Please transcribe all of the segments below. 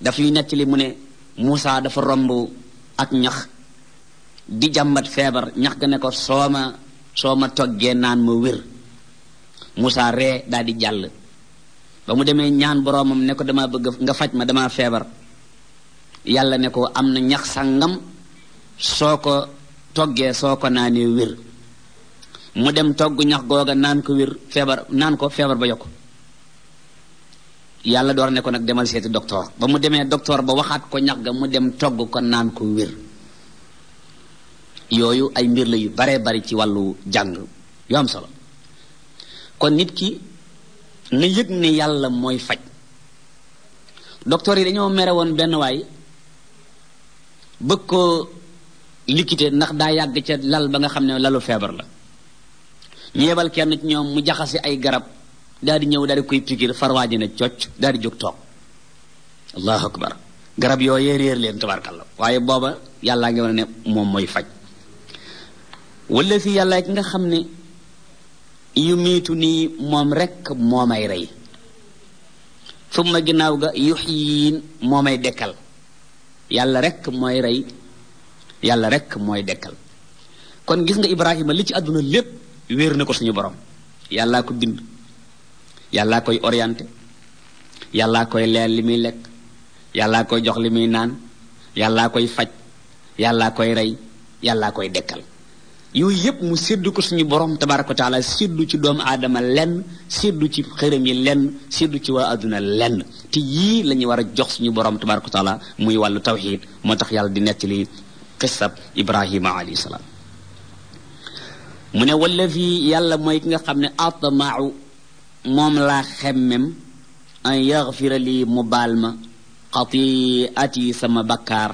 dafay nett li mu ne Moussa dafa romb ak ñax di jàmbat feebar ñax ga ne ko soo ma soo ma toggee naan ma wér musa ree daal di jàll ba mu demee ñaan boroomam ne ko dama bëgg nga faj ma dama feebar yàlla ne ko am na ñax sàngam soo ko toggee soo ko naanee wér mu dem togg ñax googa naan ko wér naan ko feebar ba yokk yàlla door ne ko nag demal seeti docteur ba mu demee docteur ba waxaat ko ñax ga mu dem togg ko naan ko wér yooyu ay mbir la yu baree bari ci wàllu jàng yu am solo kon nit ki na yëg ne yàlla mooy faj docteur yi dañoo mere woon benn waay bëgg ko liquide ndax daa yàgg ca lal ba nga xam ne lalu feebar la ñeebal kenn ci ñoom mu jaxase ay garab daal di ñëw daal di koy pikiir farwaa ji ne cocc daal di jóg toog allahu akbar garab yooyee réer leen tabarkalla waaye booba yàllaa ngi war ne moom mooy faj wala si yàlla ki nga xam ne yu miitu nii moom rekk moomay rey summa ginnaaw ga yuxyiin moomay dekkal yàlla rekk mooy rey yàlla rekk mooy dekkal kon gis nga ibrahima li ci àdduna lépp wéer na ko suñu boroom yàllaa ko bind yàllaa koy orienté yàllaa koy leer li muy lekk yàllaa koy jox li muy naan yàllaa koy faj yàllaa koy rey yàllaa koy dekkal yooyu yépp mu séddu ko suñu boroom tabaraka wa taala séddu ci doomu aadama lenn séddu ci xërëm yi lenn séddu ci waa àdduna lenn ti yii lañuy war a jox suñu boroom tabaraka wa muy wàllu tawxid moo tax yàlla di nettali qissab ibrahima alayhi salaam mu ne walla yàlla mooy ki nga xam ne atmau moom laa xemmem an yaxfira lii mu baal ma xatiati sama bakkaar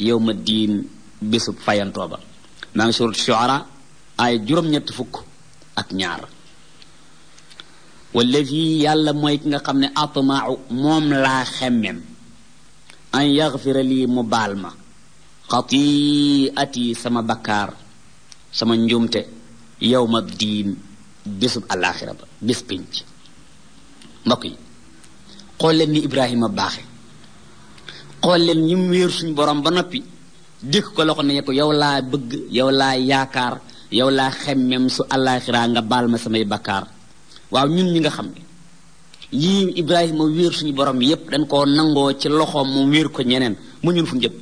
yow ma diin bésub fayantoo ba maa ngi surat shuara ay juróom-ñett ak ñaar wallazi yàlla mooy ki nga xam ne atmaau moom laa xemmem an yaxfira lii mu baal ma xatiati sama bakkaar sama njumte yow ma diin bisub àllaaxira ba bis pinc mbokk yi xool leen ni Ibrahima baaxe xool leen ñi mu wéer suñu borom ba noppi dékk ko loxo ne ko yow laa bëgg yow laa yaakaar yow laa xemmem su àllaaxira nga baal ma samay bakkaar waaw ñun ñi nga xam ne yii Ibrahima wéer suñu borom yépp dañ koo nangoo ci loxoom mu wéer ko ñeneen mu ñun fu jëm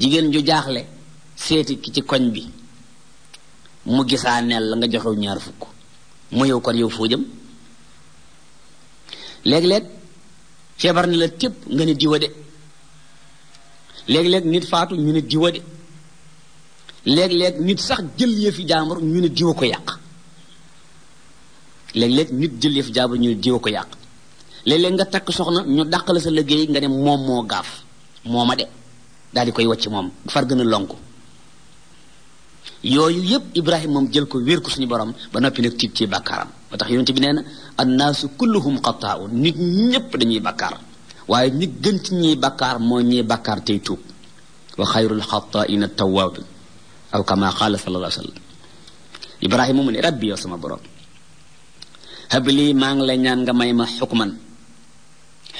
jigéen ju jaaxle seeti ki ci koñ bi mu gisaaneel la nga joxew ñaar fukk mu yow kon yow foo jëm léeg-léeg feebar ne la tépp nga ne diwa de léeg-léeg nit faatu ñu ne diwa de léeg-léeg nit sax jël yëfi jaambur ñu ne diwa ko yàq léeg-léeg nit jël yëfi jaambur ñu ne diwa ko yàq léeg-léeg nga takk soxna ñu dàq sa liggéey nga ne moom moo gaaf moo ma de daal di koy wàcc moom far gën a lonku yooyu yëpp Ibrahima moom jël ko wéer ko suñu borom ba noppi nag tiib ci bàkkaaram moo tax ti bi nee na annaasu kulluhum xataa'un nit ñëpp dañuy bàkkaar waaye nit gën ci ñiy bàkkaar moo ñiy bàkkaar tey tuub wa xayrul xataa'ina tawaabi aw kama qaala sallallahu alayhi wa mu ne rabbi yow sama borom habli maa ngi lay ñaan nga may ma xukman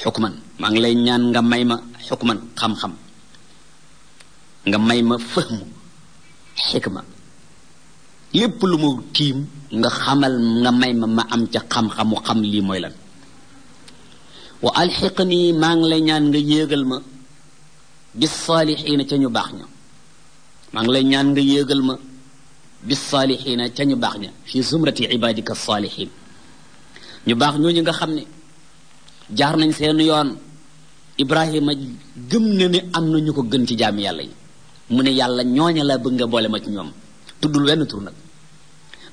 xukman maa ngi lay ñaan nga may ma xukman xam-xam nga may ma fëhmu xikma lépp lu mu tiim nga xamal nga may ma ma am ca xam-xamu xam lii mooy lan wa alxiq nii maa ngi lay ñaan nga yéegal ma bis saalixiina ca ñu baax ña maa ngi lay ñaan nga yéegal ma bis saalixiina ca ñu baax ña fii zumrati ibadika saalixiin ñu baax ñooñu nga xam ne jaar nañ seen yoon ibrahima gëm na ne am na ñu ko gën ci jaami yàlla yi mu ne yàlla ñooña la bëgg nga boole ma ci ñoom tuddul wenn tur nag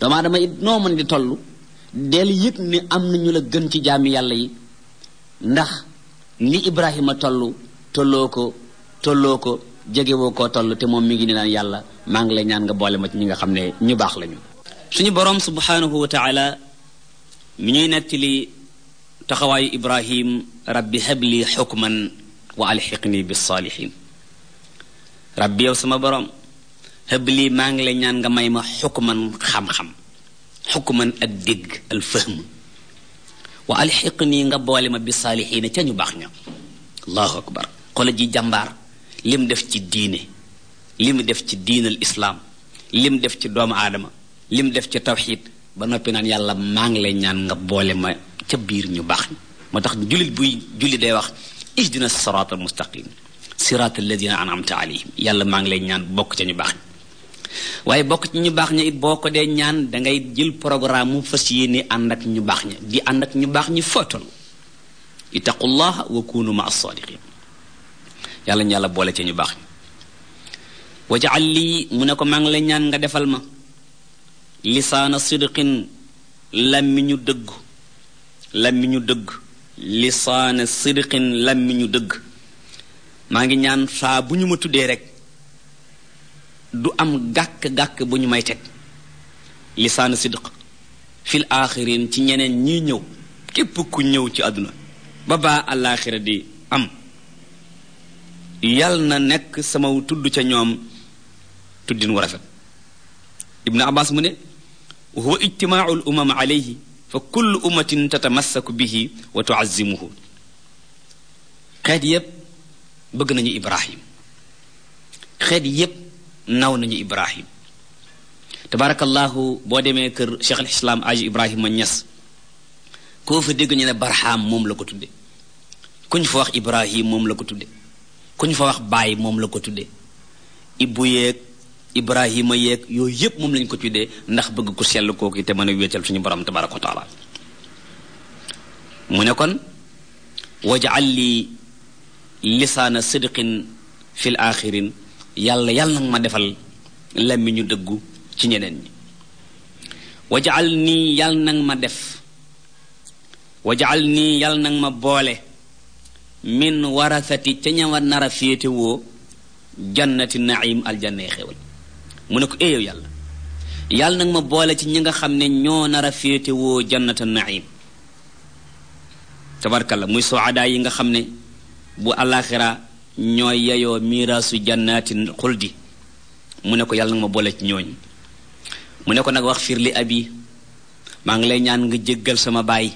doomu aadama it noo mën di toll del yëg ni am na ñu la gën ci jaami yàlla yi ndax li ibrahima toll tolloo ko tolloo ko jegewoo koo toll te moom mi ngi ne naan yàlla maa ngi lay ñaan nga boole ma ci ñi nga xam ne ñu baax lañu suñu boroom subhanahu wa taala mi ñuy nettali taxawaayu ibrahim rabbi habli xukman wa alxiqni bis saalihin rabbi yow sama boroom lii maa ngi lay ñaan nga may ma xukman xam-xam xukman ak dégg al fahm wa alxiq nii nga boole ma bi saalixiina ca ñu baax ña allahu akbar xoola ji jàmbaar lim def ci diine mu def ci diinal islaam lim def ci doomu aadama li mu def ci tawxid ba noppi naan yàlla maa ngi lay ñaan nga boole ma ca biir ñu baax ñi moo tax jullit buy julli day wax ihdina siraat al mustaqim siraat alladina anamta alayhim yàlla maa ngi lay ñaan bokk ca ñu baax waaye bokk ci ñu baax ña it boo ko dee ñaan dangay ngay jël programme mu fas yéene ànd ak ñu baax ñu baax ñi footal ittaqullaha wa kunu ma as-sadiqin yàlla ñu yàlla boole ci ñu baax ñi wajaal lii mu ne ko maa ngi la ñaan nga defal ma lisaana sidqin làmmiñu dëgg làmmiñu dëgg lisaana sidqin làmmiñu dëgg maa ngi ñaan saa bu ñu ma tuddee rek du am gàkk-gàkk bu ñu may teg lisaana sidq fil aaxirin ci ñeneen ñii ñëw képp ku ñëw ci àdduna babaa baa di am yal na nekk sama tudd ca ñoom tuddin wu rafet ibnu abbas mu ne huwa ijtimaau l umam alayhi fa kullu ummatin tatamassaku bihi wa tuazimuhu xeet yépp bëgg nañu ibrahim xeet yépp naw nañu ibrahim tabarakallahu boo demee kër cheikh al islam aji ibrahima ñas koo fa dégg ñu ne barham moom la ko tudde kuñ fa wax ibrahim moom la ko tudde kuñ fa wax baay moom la ko tudde ibbu yeeg ibrahima yeeg yooyu yépp moom lañ ko tuddee ndax bëgg ku sell kooku te mën a wéetal suñu borom tabaraka wa taala mu ne kon wajal li lisaana sidqin fil axirin yàlla yàlla na ma defal lammi ñu dëggu ci ñeneen ñi wajaal nii yàlla nag ma def wajaal nii yàlla na ma boole min warasati ca ñawa nar a féetewoo jannati naim aljanna yi xewal mu ne ko éeyow yàlla yàlla nag ma boole ci ñi nga xam ne ñoo nar a féetewoo jannata naim tabarkalla muy soada yi nga xam ne bu àllaaxira ñoo yeyoo miiraasu jannaatin xuldi mu ne ko yàlla nga ma boole ci ñooñ mu ne ko nag wax li abi maa ngi lay ñaan nga jéggal sama baay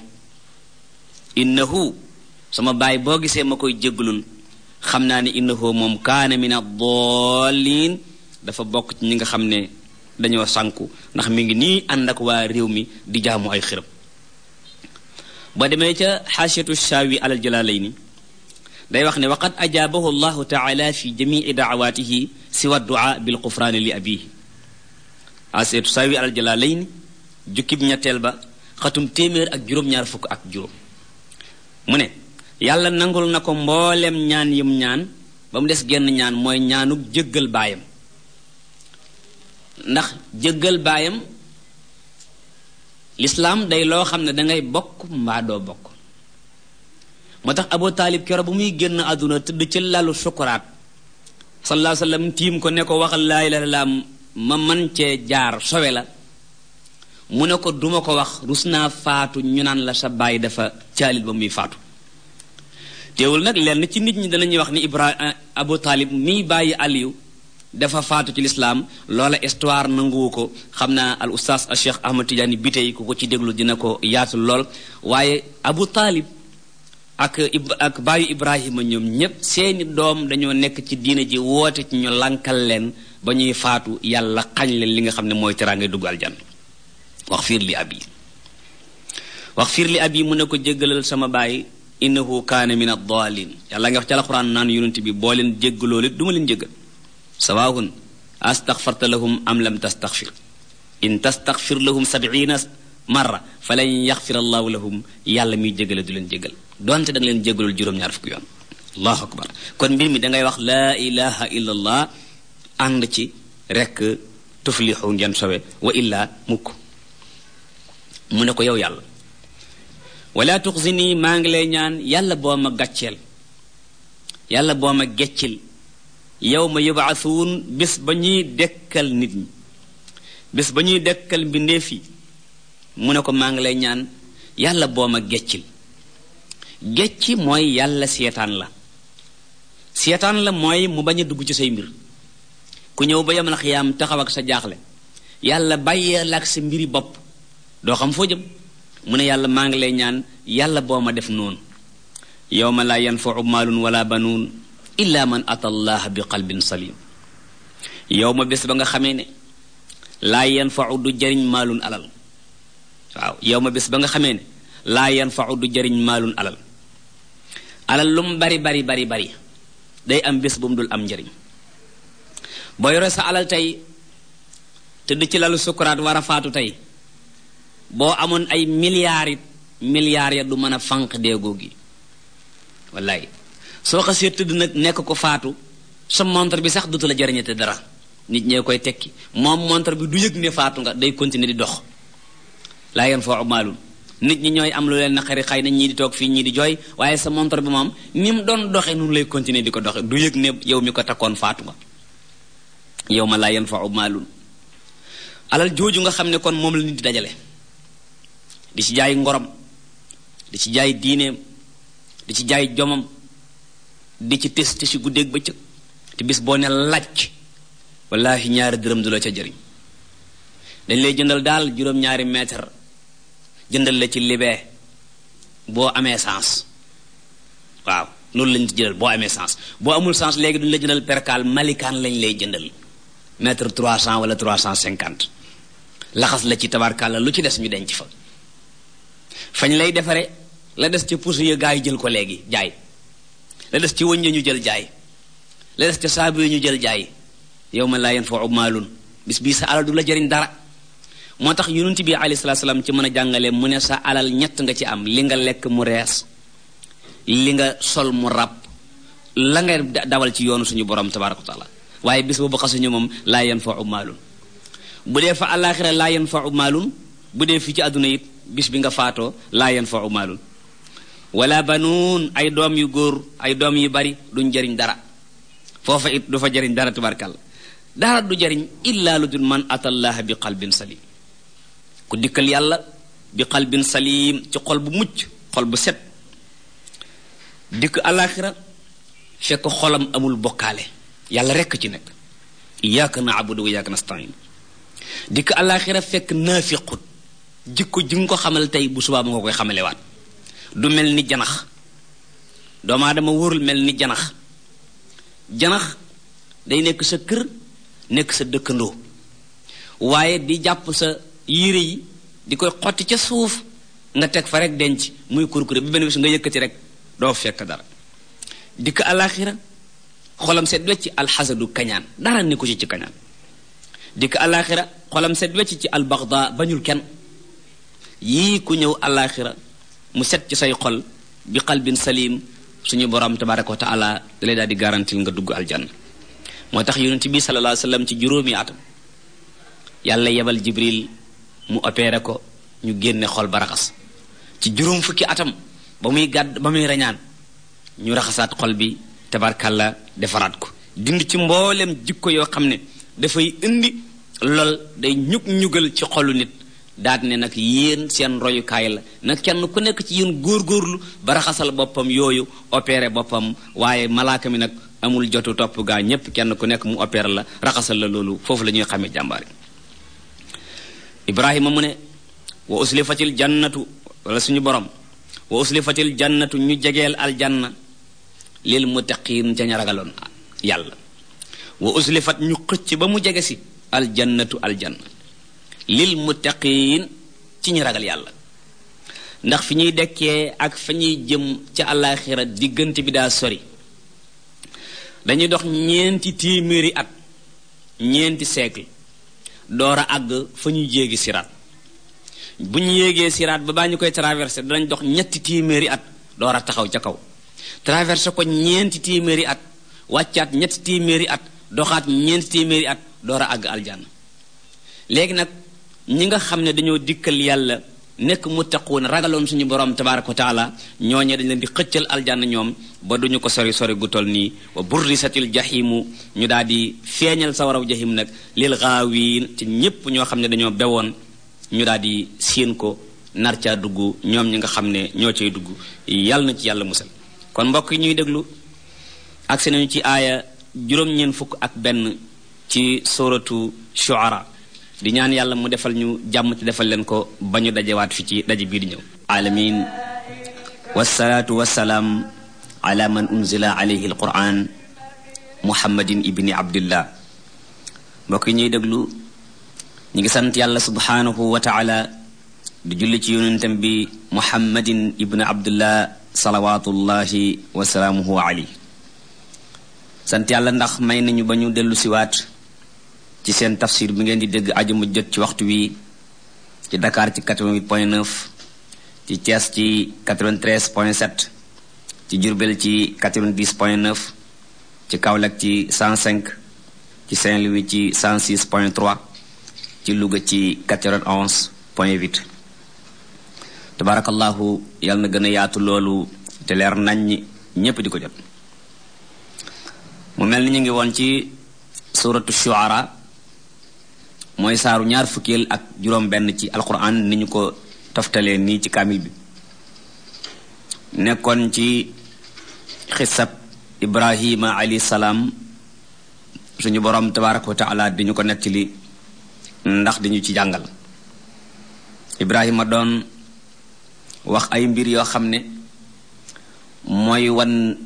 innahu sama baay boo gisee ma koy jéggalul xam naa ne innahu moom kaana min ad-dallin dafa bokk ci ñi nga xam ne dañoo sànku ndax mi ngi nii ànd ak waa réew mi di jaamu ay xërëm boo demee ca xaasiyatu shaawi alal nii day wax ne wa qad ajaabahu llahu taala fi jamii daawaatihi siwa duaa bil xufraani li abihi aseetu saawi alal jalaalayni jukkib ñetteel ba xatum téeméer ak juróom-ñaar fukk ak juróom mu ne yàlla nangul na ko mbooleem ñaan yim ñaan ba mu des genn ñaan mooy ñaanug jëggal baayam ndax jëggal baayam lislaam day loo xam ne dangay bokk mbaa doo bokk moo tax Abu Taalib kero bu muy génn àdduna tëdd ci lalu sukuraat sallallahu alayhi wa sallam tiim ko ne ko waxal laa ilaaha ma man cee jaar sowe la mu ne ko duma ko wax rus naa faatu ñu naan la sa bàyyi dafa caalit ba muy faatu teewul nag lenn ci nit ñi danañuy wax ni Ibrahima eh, Abu Taalib miy bàyyi Aliyu dafa faatu ci lislaam loola histoire nanguwu ko xam naa al ustaas al cheikh Ahmad Tidiane bi tey ku ko ci déglu dina ko yaatu lool waaye Abu Taalib ak ak baayu Ibrahima ñoom ñépp seeni doom dañoo nekk ci diine ji woote ñu lankal leen ba ñuy faatu yàlla xañ leen li nga xam ne mooy teraangay dugg aljan wax fiir li ab yi fiir li ab yi mu ne ko jéggalal sama baay innahu kaana min ad-daalin yàlla nga wax ci alxuraan naan yonent bi boo leen jéggaloo lit du ma leen jéggal sawaahun astaxfarta lahum am lam tastaxfir in tastaxfir lahum sabiina marra fa lan yaxfir allahu lahum yàlla miy jégale du leen jégal donte da leen jégalul juróom-ñaar fukki yoon allahu akbar kon mbir mi dangay wax laa ilaha illa ànd ci rekk tuflixu ngeen sowe wa illaa mukk mu ne ko yow yàlla wala tuxzini maa ngi lay ñaan yàlla boo ma gàcceel yàlla boo ma geccil yow ma yubaasuun bis ba ñuy dekkal nit ñi bis ba ñuy dekkal mbindeef mu ne ko maa ngi lay ñaan yàlla booma geccil gecc mooy yàlla seetaan la seetaan la mooy mu bañ a dugg ci say mbir ku ñëw ba yamal xiyaam taxaw ak sa jaaxle yàlla bàyyee la ak sa mbiri bopp doo xam foo jëm mu ne yàlla maa ngi lay ñaan yàlla booma def noonu yow ma laa yanfau maalun wala banuun illa man ata allah bi qalbin salim yow ma bés ba nga xamee ne laa yanfau du jariñ maalun alal waaw yow ma bés ba nga xamee ne laa yan fa du jariñ maalun alal alal lu bari bari bari bari day am bés bu mu dul am njariñ boo yore sa alal tey tëdd ci lalu sukuraat war a faatu tey boo amoon ay milliards it ya du mën a fànq déegoo gi wallaay soo xasee tëdd nag nekk ko faatu sa montre bi sax dutu la jariñate dara nit ñee koy tekki moom montre bi du yëg ne faatu nga day continuer di dox laa foo maalun nit ñi ñooy am lu leen naqari xëy na ñii di toog fii ñii di jooy waaye sa montre bi moom ni mu doon doxee noonu lay continuer di ko doxe du yëg ne yow mi ko takkoon faatu nga yow ma laa yanfa'u maalun alal jooju nga xam ne kon moom la nit di dajale di ci jaay ngorom di ci jaay diineem di ci jaay jomam di ci tës tësi ba bëccëg te bis boo ne laaj wallaahi ñaari dërëm du la ca jariñ dañ lay jëndal daal juróom-ñaari mètre jëndal la ci libee boo amee sens waaw loolu lañ ci jëndal boo amee sens boo amul sens léegi duñ la jëndal perkaal malikaan lañ lay jëndal mètre trois cent wala trois cent cinquante laxas la ci tabarkaal la lu ci des ñu denc fa fañ lay defare la des ca puso ya gaa yi jël ko léegi jaay la des ci wëñ ñu jël jaay la des ca saabu ya ñu jël jaay yow ma laa yanfa'u maalun bis bii sa alal du la jëriñ dara moo tax yonent bi alayhi salaatu salaam ci mën a jàngale mu ne sa alal ñett nga ci am li nga lekk mu rees li nga sol mu rab la nga dawal ci yoonu suñu borom tabaaraka wa taala waaye bis boobu xasuñu moom laa yanfau maalun bu dee fa alaaxira laa yanfau maalun bu dee fii ci àdduna it bis bi nga faatoo laa yanfau maalun wala banuun ay doom yu góor ay doom yu bari duñ jariñ dara foofu it du fa jariñ dara tabaarkalla dara du jariñ illaa lu dul man atallaha bi qalbin salim ku dikkal yàlla bi xalbin salim ci xol bu mucc xol bu set dikk alaxira fekk xolam amul bokkaale yàlla rekk ci nekk iyyaka na'budu wa iyyaka nasta'in dikk alaxira fekk naafiqut jikko ji nga ko xamal tey bu subaabu mu nga koy xamalewaat du mel ni janax doomu aadama wóorul mel ni janax janax day nekk sa kër nekk sa dëkkandoo waaye di jàpp sa yére yi di koy xotti ca suuf nga teg fa rek denc muy kurkure bi benn nga yëkkati rek doo fekk dara dikk alaxira xolam set wecc alxasadu kañaan dara ne ko ci ci kañaan dikk alaxira xolam set wecc ci albaxda bañul kenn yii ku ñëw alaxira mu set ci say xol bi xalbin salim suñu borom tabaraka wa taala da lay daal di garantil nga dugg aljanna moo tax yonent bi sallallahu alayhi wa sallam ci juróomi atam yàlla yebal jibril mu opéré ko ñu génne xol ba raxas ci juróom fukki atam ba muy gàdd ba muy rañaan ñu raxasaat xol bi la defaraat ko dindi ci mboolem jikko yoo xam ne dafay indi lol day ñug ñugal ci xolu nit daat ne nag yéen seen royukaay la nag kenn ku nekk ci góor góorgóorlu ba raxasal boppam yooyu opéré boppam waaye malaaka mi nag amul jotu topp gaa ñépp kenn ku nekk mu opéré la raxasal la loolu foofu la ñuy xamee jàmbaar ibrahima mu ne wa uslifatil jannatu wala suñu borom wa uslifatil jannatu ñu jegeel aljanna lil muttaqin ca ña ragaloon yàlla wa uslifat ñu xëcc ba mu jege si aljannatu aljanna lil muttaqin ci ñu ragal yàlla ndax fi ñuy dekkee ak fa ñuy jëm ca àllaaxira diggante bi daa sori dañuy dox ñeenti téeméeri at ñeenti siècle door a àgg fa ñuy jéegi siraat bu ñu yéegee siraat ba baa ñu koy traversé danañ dox ñetti téeméeri at door a taxaw ca kaw traversé ko ñeenti téeméeri at wàccaat ñetti tiiméeri at doxaat ñeenti téeméeri at door a àgg aljanna léegi nag ñi nga xam ne dañoo dikkal yàlla nekk muttaquun ragaloon suñu borom tabaraka wa ñoo ñooñe dañ leen di xëccal aljanna ñoom ba duñu ko sori sori gu toll nii wa burrisatil jahimu ñu daal di feeñal sawaraw jahim nag lil gaawiin ci ñépp ñoo xam ne dañoo bewoon ñu daal di séen ko nar caa dugg ñoom ñi nga xam ne ñoo cay dugg yàlla na ci yàlla musal kon mbokk yi ñuy déglu agsi nañu ci aaya juróom-ñeent fukk ak benn ci suratu shuara di ñaan yàlla mu defal ñu jàmm te defal leen ko bañu ñu dajewaat fi ci daje bii di ñëw alamin wasalaatu wasalaam ala man unzila alayhi alquran muhammadin ibni abdillah mbokk yi ñuy déglu ñu ngi sant yàlla subhanahu wa taala di julli ci yonentam bi muhammadin ibni abdillah salawatullahi wasalaamuhu alayhi sant yàlla ndax may nañu ba ñu dellu siwaat ci seen tafsir bi ngeen di dégg ajuma jot ci waxtu wi ci ndakaar ci 88 point 9 ci Thiès ci 93 point 7 ci Diourbel ci 90 point 9 ci Kaolack ci 105 ci Saint-Louis ci 106 point ci Louga ci 91 point 8 tabarakallahu yàlla na gën a yaatu loolu te leer nañ ñépp di ko jot mu mel ni ñu ngi woon ci suratu shuara mooy saaru ñaar fukkeel ak juróom benn ci alquran ni ñu ko toftalee nii ci kaamil bi nekkoon ci xisab ibrahima alayhi salaam suñu boroom tabaraka wa taala di ñu ko nettali ndax di ñu ci jàngal ibrahima doon wax ay mbir yoo xam ne mooy wan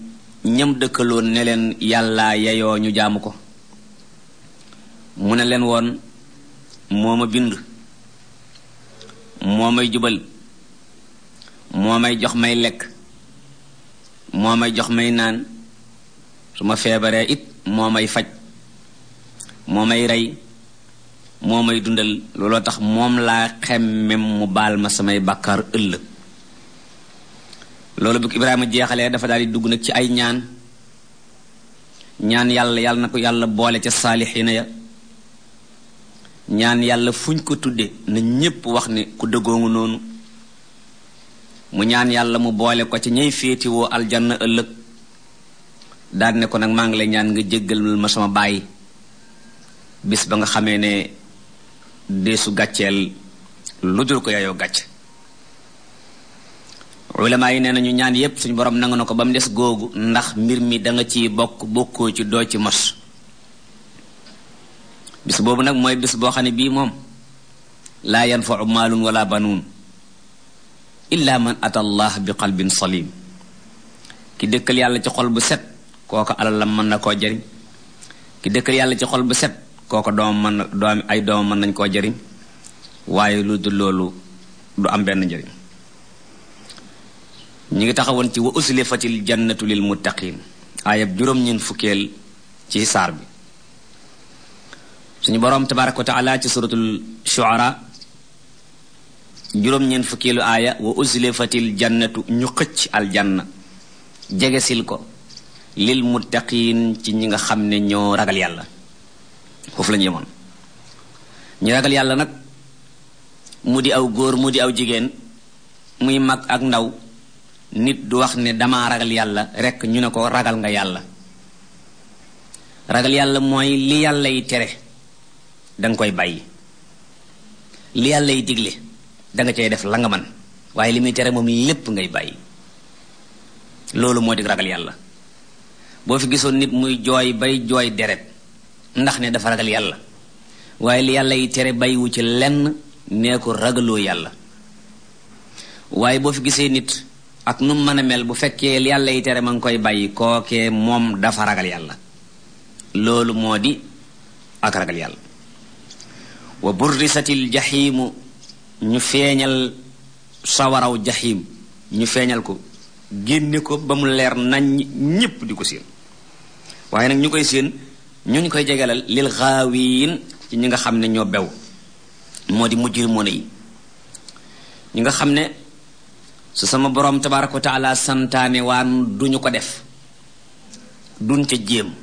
ñam dëkkaloon ne leen yàlla yeyoo ñu jaamu ko mu ne leen woon moo ma bind moo may jubal moo may jox may lekk moo may jox may naan su ma feebaree it moo ay faj moo may rey moo may dundal looloo tax moom laa xemmem mu baal ma samay bàkkaar ëllëg loolu bu Ibrahima jeexalee dafa daal di dugg nag ci ay ñaan ñaan yàlla yàlla na ko yàlla boole ca saalixiina ya ñaan yàlla fuñ ko tuddee na ñépp wax ni ku dëggoongu noonu mu ñaan yàlla mu boole ko ci ñay féetiwoo aljanna ëllëg daan ne ko nag maa ngi lay ñaan nga jéggal ma sama bàyyi bis ba nga xamee ne deesu gàcceel lu dul ko yaayoo gàcc ulamaa yi nee nañu ñaan yépp suñu borom nangu na ko ba mu des googu ndax mbir mi danga ciy bokk bokkoo ci doo ci mos bis boobu nag mooy bis boo xam ne bii moom laa yanfau maalun wala banuun illa man ata allah bi qalbin salim ki dëkkal yàlla ci xol bu set kooko alalam mën na koo jariñ ki dëkkal yàlla ci xol bu set kooko doom mën na doom ay doom mën nañ koo jariñ waaye lu dul loolu du am benn njariñ ñu ngi taxawoon ci wa uslifatil jannatu lil muttaqin aayab juróom-ñeent fukkeel ci saar bi suñu boroom tabaraka wa taala ci suratul shuara juróom-ñeent fukkilu aaya wa uzlifatil jannatu ñu xëcc aljanna jegesil ko lil muttaqin ci ñi nga xam ne ñoo ragal yàlla foofu la ñu ñu ragal yàlla nag mu di aw góor mu di aw jigéen muy mag ak ndaw nit du wax ne dama ragal yàlla rekk ñu ne ko ragal nga yàlla ragal yàlla mooy li yàlla yi tere danga koy bàyyi li yàlla lay digle da nga def la nga man waaye li muy tere moom lépp ngay bàyyi loolu moo di ragal yàlla boo fi gisoon nit muy jooy bay jooy deret ndax ne dafa ragal yàlla waaye li yàlla yi tere bàyyiwu ci lenn nee ko ragaloo yàlla waaye boo fi gisee nit ak nu mën a mel bu fekkee yàlla yi tere ma ngi koy bàyyi kookee moom dafa ragal yàlla loolu moo di ak ragal yàlla wa burrisatil jaxiimu ñu feeñal sawaraw jaxiim ñu feeñal ko génne ko ba mu leer nañ ñépp di ko séen nag ñu koy séen ñu ñu koy jegalal lil xaawiin ci ñi nga xam ne ñoo bew moo di mujrimoona yi ñi nga xam ne su sama borom tabaraka wa taala santaane waan duñu ko def duñ ca jéem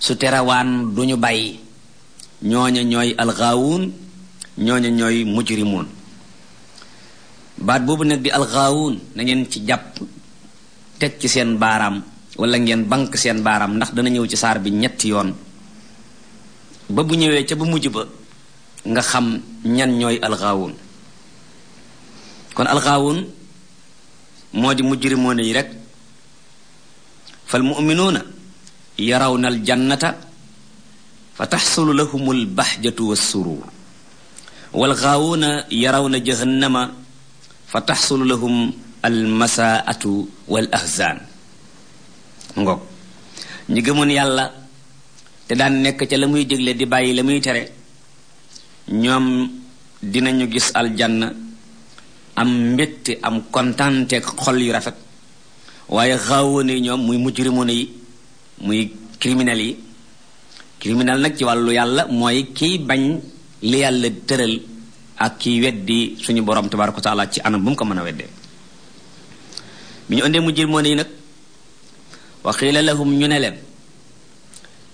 su terawaan duñu bàyyi ñooña ñooy alxaawuun ñooña ñooy mujrimuun baat boobu nag di alxaawuun na ngeen ci jàpp teg ci seen baaraam wala ngeen bank seen baaraam ndax dana ñëw ci saar bi ñetti yoon ba bu ñëwee ca ba mujj ba nga xam ñan ñooy alxaawuun kon alxaawuun moo di mujrimoon yi rek fal muminuuna yarawna aljannata fa taxsulu na yaraw walsurur walgaawuuna na ma fa taxsulu lahum almasaatu wal ahzaan ngoog ñi gëmoon yàlla te daan nekk ca la muy dégle di bàyyi la muy tere ñoom dinañu gis al aljanna am mbétti am kontaanteeg xol yu rafet waaye xaawoon yi ñoom muy mujrimoon yi muy criminels yi criminel nag ci wàllu yàlla mooy kiy bañ li yàlla tëral ak kiy weddi suñu boroom tabaraka wa taala ci anam bu mu ko mën a weddee bi ñu indee mu jir yi nag wa qiila lahum ñu ne leen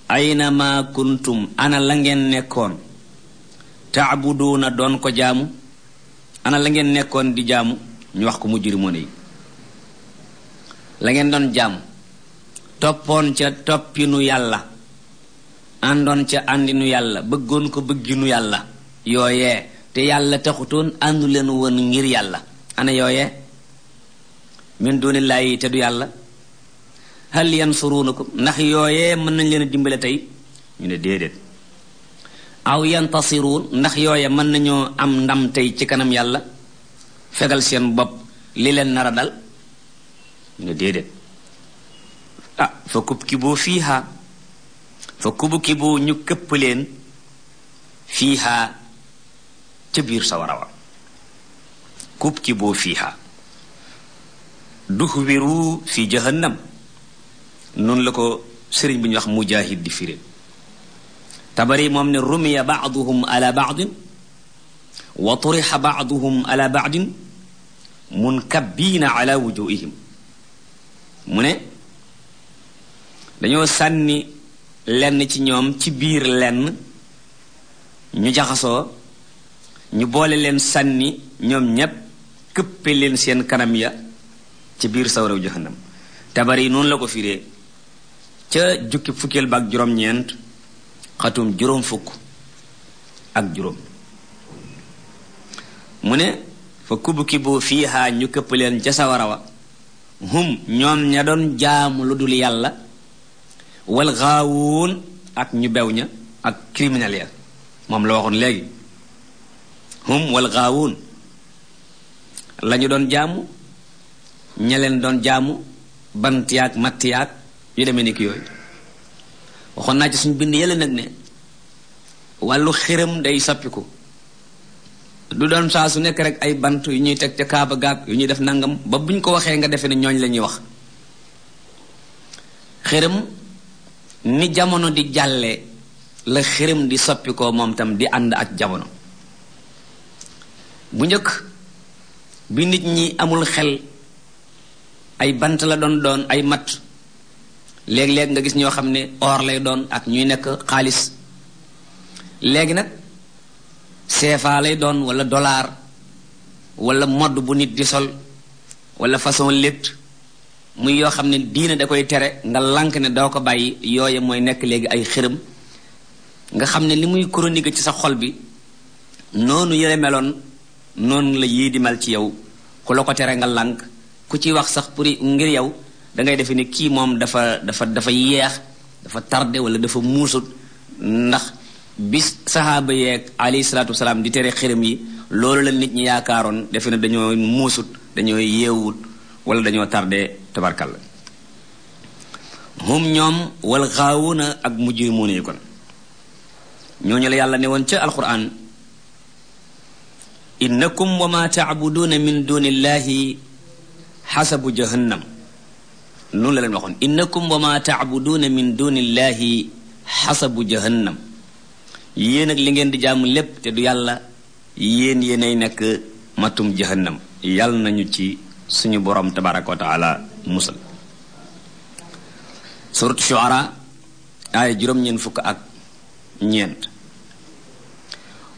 ayna ma kuntum ana la ngeen nekkoon taabuduuna doon ko jaamu ana la ngeen nekkoon di jaamu ñu wax ko mu jir moo la ngeen doon jaamu toppoon ca toppinu yàlla àndoon ca àndinu yàlla bëggoon ko bëgginu yàlla yooyee te yàlla taxutoon àndu leen woon ngir yàlla ana yooyee min duunillaahi te du yàlla hal yansuruunakum ndax yooye mën nañ leen a dimbale tey ñu ne déedéet aw yantasiruun ndax yooye mën nañoo am ndam tey ci kanam yàlla fegal seen bopp li leen nar a dal ñu ne déedéet ah fa kub ki boo fiihaa fa kubuki bu ñu këpp leen fiiha ca biir sawara wa kubki bu fiiha duxwiru fi jahannam noonu la ko sëriñ bu ñuy wax mujaahid di firé tabari moom ne rumiya baaduhum ala baadin wa turixa baaduhum ala baadin munkabbiina ala wujuhihim mu ne dañoo sànni lenn ci ñoom ci biir lenn ñu jaxasoo ñu boole leen sànni ñoom ñépp këppe leen seen kanam ya ci biir sawraw tabar yi noonu la ko fiire ca jukki fukkeel ba ak juróom-ñeent xatum juróom fukk ak juróom mu ne fa kubukibu fiihaa ñu këpp leen ca sawara wa hum ñoom ña doon jaamu lu dul yàlla wal xaawuun ak ñu bew ña ak criminel ya moom la waxoon léegi hum wal xaawuun lañu doon jàmm ña leen doon jaamu bant yaag matt yaag yu demee ni ki yooyu waxoon naa ci suñu bind yële nag ne wàllu xërëm day sappiku du doon saa su nekk rek ay bant yu ñuy teg ca kaaba gaag yu ñuy def nangam ba buñ ko waxee nga defe ne ñooñ la ñuy wax xërëm ni jamono di jàlle la xërëm di soppikoo moom tam di ànd ak jamono bu njëkk bi nit ñi amul xel ay bant la doon doon ay matt léeg-léeg nga gis ñoo xam ne or lay doon ak ñuy nekk xaalis léegi nag CFA lay doon wala dollar wala modd bu nit di sol wala façon létt muy yoo xam ne diine da koy tere nga lànk ne doo ko bàyyi yooye mooy nekk léegi ay xërëm nga xam ne li muy chronique ci sa xol bi noonu yële meloon noonu la yii di mel ci yow ku la ko tere nga lànk ku ci wax sax pour ngir yow da ngay defe ni kii moom dafa dafa dafa yeex dafa tàrde wala dafa muusut ndax bis saxaaba yeeg alayhi salaatu wasalaam di tere xërëm yi loolu la nit ñi yaakaaroon defe ne dañoo muusut dañoo yeewut wala dañoo tàrde tabarkalla hum ñoom wal xaawuna ak mujj muune yi kon ñooñu la yàlla ne woon ca alquran innakum wa ma taabuduuna min dunillahi xasabu jahannam noonu la leen waxoon innakum wa ma taabuduuna min dunillahi xasabu jahannam yéen ak li ngeen di jaamu lépp te du yàlla yéen yéenay nekk matum jahannam yàlla nañu ci suñu boroom tabaraka wa musal surat shuara aaya juróom-ñeent fukk ak ñeent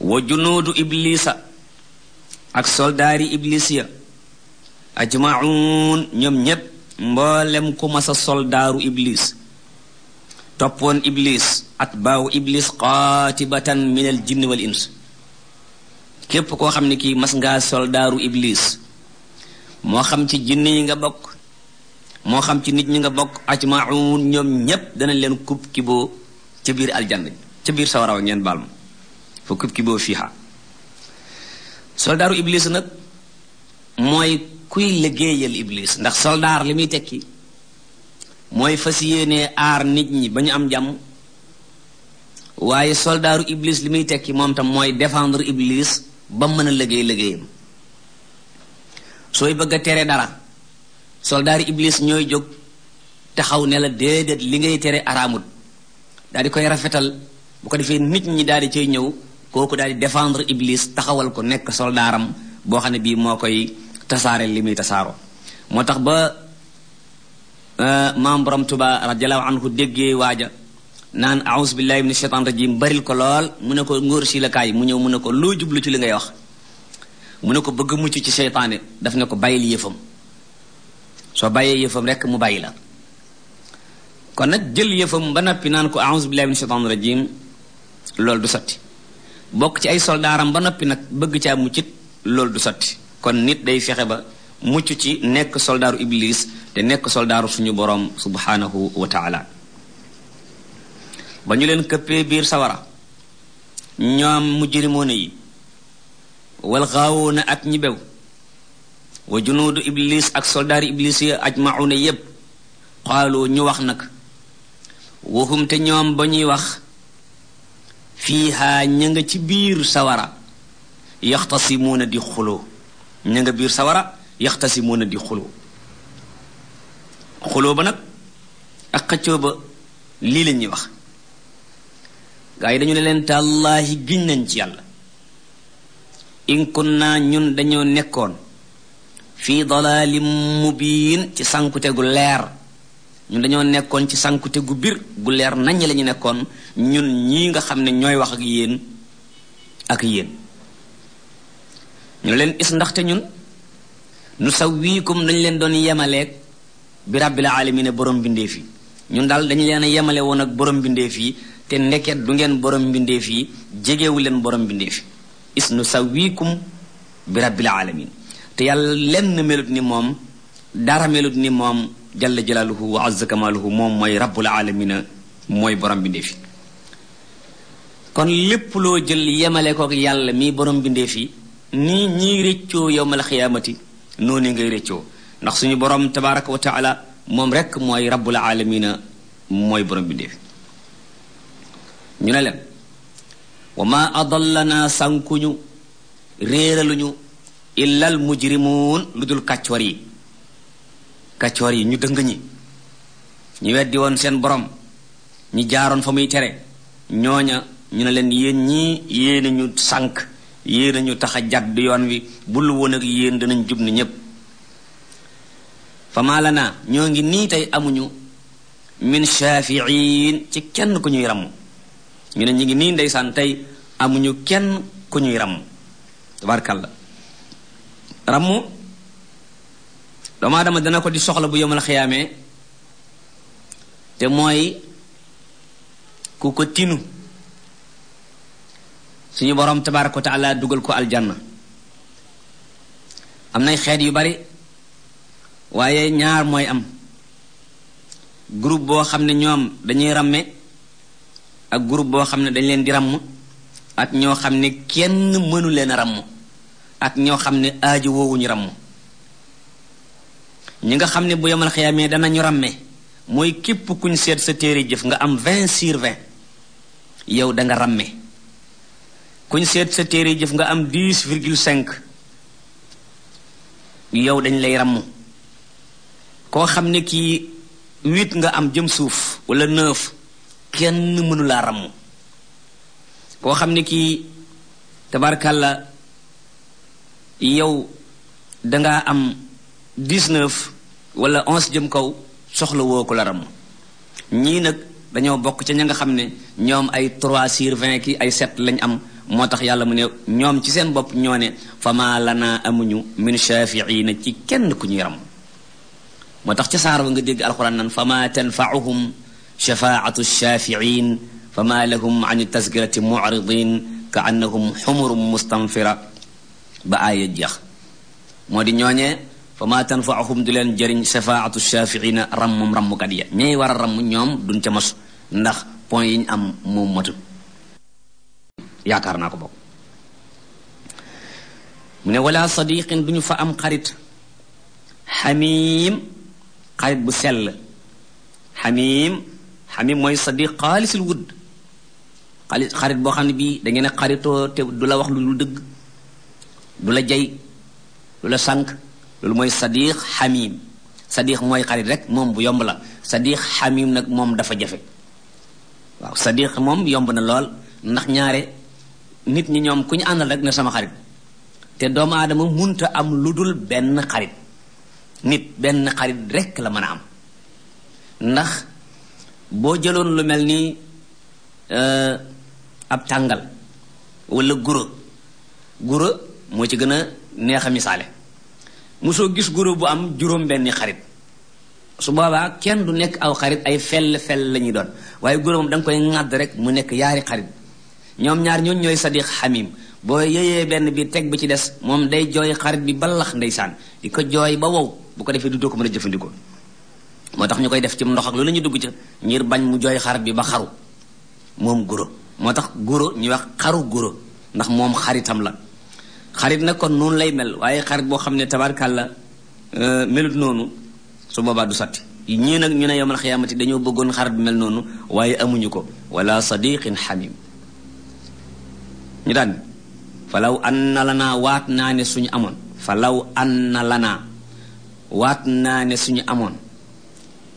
wa junuudu iblisa ak soldaari iblis ya ajmaun ñoom ñépp mboolem ku masa soldaaru iblis toppoon iblis at baawu iblis qaatibatan min al jinn wal képp koo xam ne ki mas ngaa soldaaru iblis moo xam ci jinn yi nga bokk moo xam ci nit ñi nga bokk ajmaun ñoom ñépp danañ leen kub kiboo ca biir aljanna ca biir sawara wa ngeen baal ma fa kub kiboo fiiha soldaaru iblis nag mooy kuy liggéeyal iblis ndax soldaar li muy tekki mooy fas yéenee aar nit ñi ba am jàmm waaye soldaaru iblis li muy tekki moom tam mooy defendre iblis ba mën a liggéey liggéeyam sooy bëgg a tere dara soldaar iblis ñooy jóg taxaw ne la déedéet li ngay tere araamut daal di koy rafetal bu ko defee nit ñi daal di cay ñëw kooku daal di défendre iblis taxawal ko nekk soldaaram boo xam ne bii moo koy tasaare li muy tasaaro moo tax ba euh, maam borom tuba radiallahu anhu déggee waaja naan aus billahi min shaitan rajim baril ko lool mu ne ko ngóor si la mu ñëw mu ne ko loo jublu ci li ngay wax mu ne ko bëgg mucc ci seytaane daf ne ko bàyyil yëfam soo bàyyee yëfam rekk mu bàyyi la kon nag jël yëfam ba noppi naan ko a'uuzu billaahi mina shaytaani rajiim loolu du sotti bokk ci ay soldaaram ba noppi nag bëgg caa muccit loolu du sotti kon nit day fexe ba mucc ci nekk soldaaru iblis te nekk soldaaru suñu boroom subhaanahu wa taala ba ñu leen këppee biir sawara ñoom mujrimoona yi walla wal xaawoona ak ñi wa junuudu iblis ak soldaari iblis yi ajmauna yépp xaalu ñu wax nag waxum ñoom ba ñuy wax fiihaa ña nga ci biir sawara yaxtasimuuna di xuloo ña biir sawara yaxtasimuuna di xuloo xuloo ba nag ak xëccoo ba lii la ñuy wax gaa dañu ne leen tàllaahi giñ nañ ci yàlla in kunna ñun dañoo nekkoon fii dalaalin mubiin ci sankute gu leer ñu dañoo nekkoon ci sankute gu bir gu leer naññ lañu nekkoon ñun ñii nga xam ne ñooy wax ak yéen ak yéen ñu leen is ndaxte ñun nu sawwiikum dañu leen doon yemaleeg bi rabbil aalamiin borom mbindéef yi ñun daal dañu leen a yemale woon ak borom mbindéef yi te ndeket du ngeen borom mbindéef yi jegewu leen borom mbindéef yi is nu sawwiikum bi rabbil aalamiin te yàlla lenn melut ni moom dara melut ni moom jalla jalaaluhu wa azza kamaaluhu moom mooy rabbul aalamiina mooy borom bindéef yi lépp loo jël yemale kook yàlla mii borom bindéef yi nii ñiy réccoo yowmal xiyaamati noonu ndax suñu borom tabaaraka moom rekk mooy rabbul aalamiina mooy borom bindéef yi ñu ne leen wa ma adallana sànkuñu réeraluñu illal mujrimuun lu dul kàccoor yi kàccoor yi ñu dëng ñi ñu weddi woon seen boroom ñi jaaroon fa muy tere ñooña ñu ne leen yéen ñii yéen ñu sànk yéen ñu tax a jàdd yoon wi bul woon ak yéen jub ni ñépp fa maa lanaa ñoo ngi nii tey amuñu min shaafiin ci kenn ku ñuy ramm ñu ne ñu ngi nii ndeysaan tey amuñu kenn ku ñuy ramm la rammu doomu aadama dana ko di soxla bu yomal xiyaamee te mooy ku ko tinu suñu borom tabaaraka wa taala dugal ko aljanna am nay xeet yu bari waaye ñaar mooy am groupe boo xam ne ñoom dañuy ràmme ak groupe boo xam ne dañ leen di ràmm ak ñoo xam ne kenn mënu leen a ràmm ak ñoo xam ne aajo woowuñu ramm ñi nga xam ne bu yomal xiyaamee danañu ràmme mooy képp kuñ seet sa téere jëf nga am vingt sur vingt yow da nga ràmme seet sa téere jëf nga am dix virgule cinq yow dañ lay ràmm koo xam ne kii huit nga am jëm suuf wala neuf kenn mënulaa ràmm koo xam ne kii tabarkàlla yow danga am 19 wala 11 jëm kaw soxlawoo woo ko la ram ñii nag dañoo bokk ci ña nga xam ne ñoom ay 3 sur 20 ki ay set lañ am moo tax yàlla mu ne ñoom ci seen bopp ñoo ne fama lanaa amuñu min shafiina ci kenn ku ñuy ram moo tax ca saar ba nga dégg alquran nan fama tanfauhum shafaatu shafiin fama lahum an tazkirati muridin ka annahum xumurum mustanfira ba aaya jeex moo di ñooñee fa ma tanfaahum du leen jëriñ safaatu shaafiina rammum rammukat ya ñey war a ramm ñoom duñ ca mos ndax point yi ñu am moom yaakaar naa ko bokk ne wala sadiqin duñu fa am xarit xamiim xarit bu sell xamiim xamiim mooy sadiq xaalisul wudd xarit boo xam ne bii da ngeen a xaritoo te du la wax lu dul dëgg du la jay du la sànq lu mooy sadiq xamim sadiq mooy xarit rek moom bu yomb la sadiq xamim nag moom dafa jafe waaw sadiq moom yomb na lool ndax ñaare nit ñi ñoom ku ñu àndal rek na sama xarit te doomu aadama munta am lu dul benn xarit nit benn xarit rek la mën a am ndax boo jëloon lu mel nii euh, ab tàngal wala guro guro moo ci gën a neex a misaale mosoo gis guro bu am juróom-benni xarit su boobaa kenn du nekk aw xarit ay fell fel la ñuy doon waaye goro moom da nga koy ŋàdd rek mu nekk yaari xarit ñoom ñaar ñooñu ñooy sadiq xamim boo yëyee benn bi teg bi ci des moom day jooy xarit bi ballax ndeysaan di ko jooy ba wow bu ko defee du doo ko mën a jëfandikoo moo tax ñu koy def ci ndox ak loolu la dugg ca ngir bañ mu jooy xarit bi ba xaru moom guro moo tax goro ñu wax xaru goro ndax moom xaritam la xarit nag kon noonu lay mel waaye xarit boo xam ne tabarkàlla euh, melut noonu su boobaa du sotti ñii nag ñu ne yowmal xiyaamati dañoo bëggoon xarit bu mel noonu waaye amuñu ko wala sadiqin xamim ñu daan falaw an na lanaa waat naa ne suñu amoon falaw an na lanaa waat naa ne suñu amoon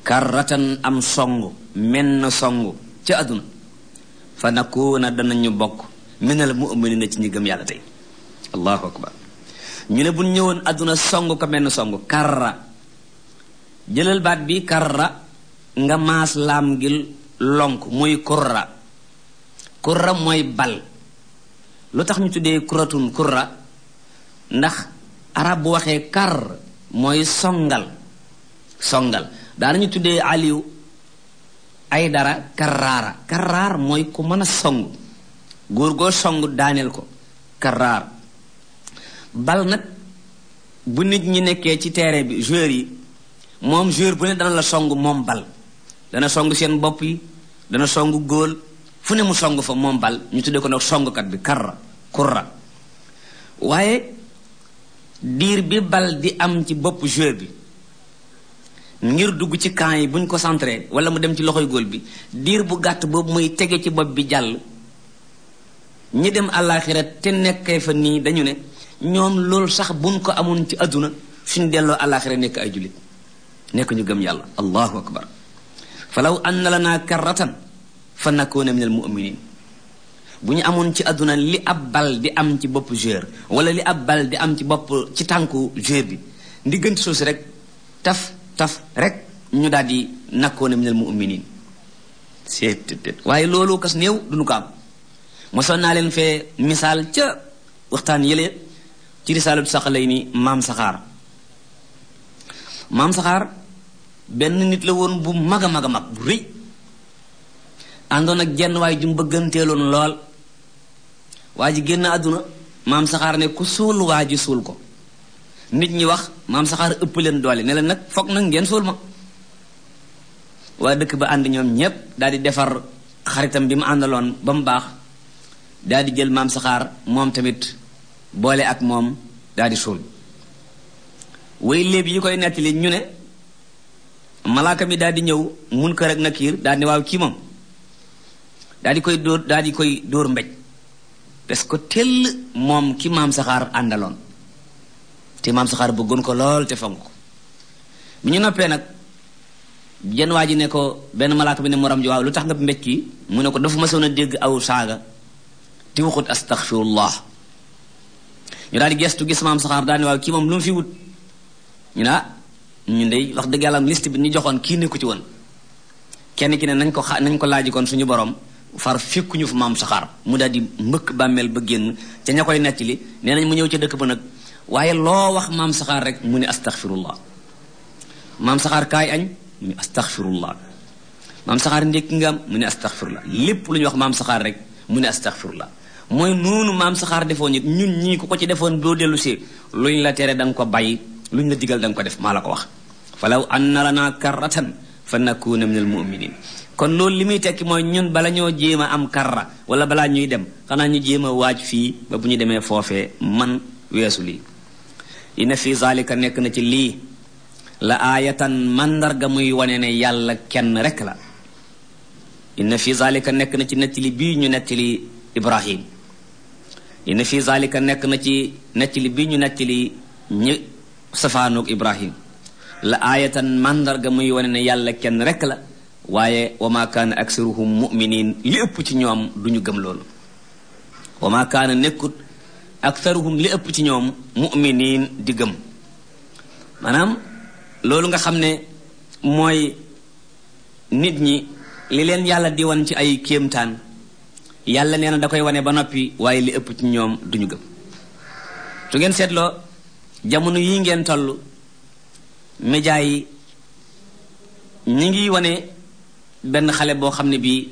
karratan am song menn song ca àdduna fa nakuuna danañu bokk minal mu'minina ci ñi yàlla tey allahu akbar ñu ne bu ñëwoon àdduna song ko benn song karra jëlal baat bi karra nga maas laam gi lonk muy kurra kurra mooy bal lu tax ñu tuddee kuratun kurra ndax arab bu waxee kar mooy songal songal daanañu tuddee aliw ay dara karraara karraar mooy ku mën song góor goo song daaneel ko karraar bal nag bu nit ñi nekkee ci terrain bi joueur yi moom joueur bu ne dana la song moom bal dana song seen bopp yi dana song góol fu ne mu song fa moom bal ñu tuddee ko nag songkat bi karra kurra waaye diir bi bal di am ci bopp joueur bi ngir dugg ci camp yi bu ko centré wala mu dem ci loxoy góol bi diir bu gàtt boobu muy tege ci bopp bi jàll ñi dem àllaaxira te nekkee fa nii dañu ne ñoom lool sax buñ ko amoon ci àdduna suñ delloo àllaaxira nekk ay jullit nekk ñu gëm yàlla allahu akbar falaw na lanaa karratan fa nakoona min al muminin bu ñu amoon ci àdduna li ab bal di am ci bopp joueur wala li ab bal di am ci bopp ci tànku joueur bi ndiggante suusi rek taf taf rek ñu daal di nakoona min al muminin seet waaye loolu kas néew duñu ko am mosoon naa leen fee misaal ca waxtaan yële ci lay Saxalayni maam saxaar maam saxaar benn nit la woon bu mag a mag a mag bu rëy àndoon ak jenn waay ju mu bëgganteeloon lool waa ji génn àdduna maam saxaar ne ku suul waa ji suul ko nit ñi wax maam saxaar ëpp leen doole ne leen nag foog nag ngeen suul ma waa dëkk ba ànd ñoom ñépp daal di defar xaritam bi mu àndaloon ba mu baax daal di jël maam saxaar moom tamit boole ak moom daal di suul way léeb yi koy nettali ñu ne malaaka mi daal di ñëw Munkar na kiir daal di waaw kii moom daal di koy dóor daal koy dóor mbéj parce que tell moom ki maam saxaar àndaloon te maam saxaar bëggoon ko lool te fonk ko bi ñu noppee nag jenn waa ji ne ko benn malaaka bi ne morom ji waaw lu tax nga mbéj ki mu ne ko dafa mësoon a dégg aw saaga te waxut astaxfirullah ñu daal di gestu gis maam saxaar daal ne waaw kii moom lu mu fi wut ñu ne ah ñun wax dëgg yàlla am bi ñu joxoon kii nekku ci woon kenn ki ne nañ ko xa nañ ko laaji kon suñu borom far fekkuñu fu maam saxaar mu daal di mbëkk bàmmeel ba génn ca ña koy nettali li nee nañ mu ñëw ca dëkk ba nag waaye loo wax maam saxaar rek mu ne astaxfirullah maam saxaar kaay añ mu ne astaxfirullah maam saxaar ndékki nga am mu ne astaxfirullah lépp lu ñu wax maam saxaar rek mu ne astaxfirullah mooy noonu maam saxaar defoon it ñun ñi ko ko ci defoon boo dellu si luñ la tere danga nga ko bàyyi luñ la digal danga ko def maa la ko wax falaw anna naa karratan fa nakuuna min al muminin kon loolu li muy tekki mooy ñun bala ñoo jéem a am karra wala balaa ñuy dem xanaa ñu jéem a waaj fii bu ñu demee foofee man weesu lii ina nekk na ci lii la aayatan màndarga muy wane ne yàlla kenn rek la inna fi zalika nekk na ci nettali bii ñu nettali ibrahim inna fi zalika nekk na ci nettali bi ñu nettali ñi safaanoog ibrahim la aayatan màndarga muy wane ne yàlla kenn rekk la waaye wa maa kaana aksaruhum muminin li ëpp ci ñoom du ñu gëm loolu wa maa kaana nekkut aksaruhum li ëpp ci ñoom muminin di gëm maanaam loolu nga xam ne mooy nit ñi li leen yàlla di ci ay kéemtaan yàlla nee na da koy wane ba noppi waaye li ëpp ci ñoom duñu gëm su ngeen seetloo jamono yi ngeen tollu média yi ñi ngi wane benn xale boo xam ne bii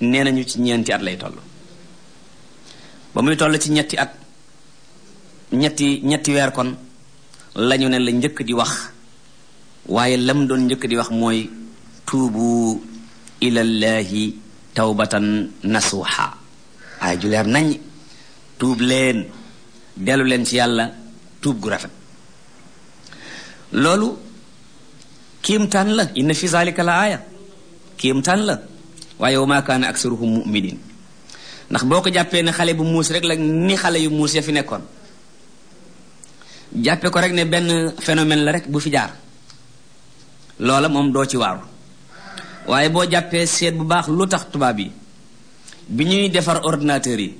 nee nañu ci ñeenti at lay toll ba muy toll ci ñetti at ñetti ñetti weer kon lañu ne la njëkk di wax waaye lam doon njëkk di wax mooy tuubu ilallahi tawbatan nasuha ay juleer nañ tuub leen dellu leen ci yàlla tuub gu rafet loolu tànn la inna fi zalika la aaya la waaye wa maa ak aksaruhum muminin ndax boo ko jàppee ne xale bu muus rek la ni xale yu muus ya fi nekkoon jàppe ko rek ne benn phénomène la rek bu fi jaar loola moom doo ci waaru waaye boo jàppee seet bu baax lu tax tubaab yi bi ñuy defar ordinateur yi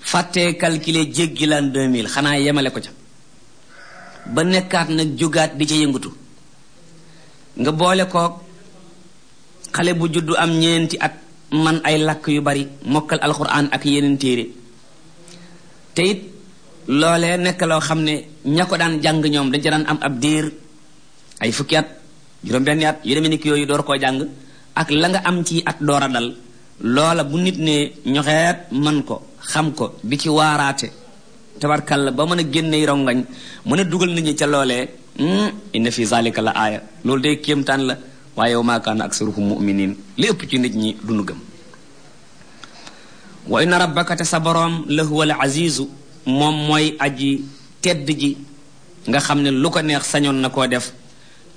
fàtte calculer jéggi laan 2000 xanaa yemale ko ca ba nekkaat nag jógaat di ca yëngatu nga boole kook xale bu juddu am ñeenti at man ay làkk yu bari mokkal alxuraan ak yeneen téere te it loolee nekk loo xam ne ña ko daan jàng ñoom da ca daan am ab déer ay fukki at juróom-benni at yu demee ni ki yooyu door koo jàng ak la nga am ci at door a dal loola bu nit ne ñoxeet man ko xam ko bi ci waaraate tabarkalla ba mën a génne rongañ mën a dugal nit ñi ca loolee hmm, inna fi zalika la aaya loolu de kéemtaan la waaye wa maa kaana aksaruhum muminin li ëpp ci nit ñi dunu gëm wa inna rabbaka te sa boroom la huwa al moom mooy aji tedd ji nga xam ne lu ko neex sañoon na koo def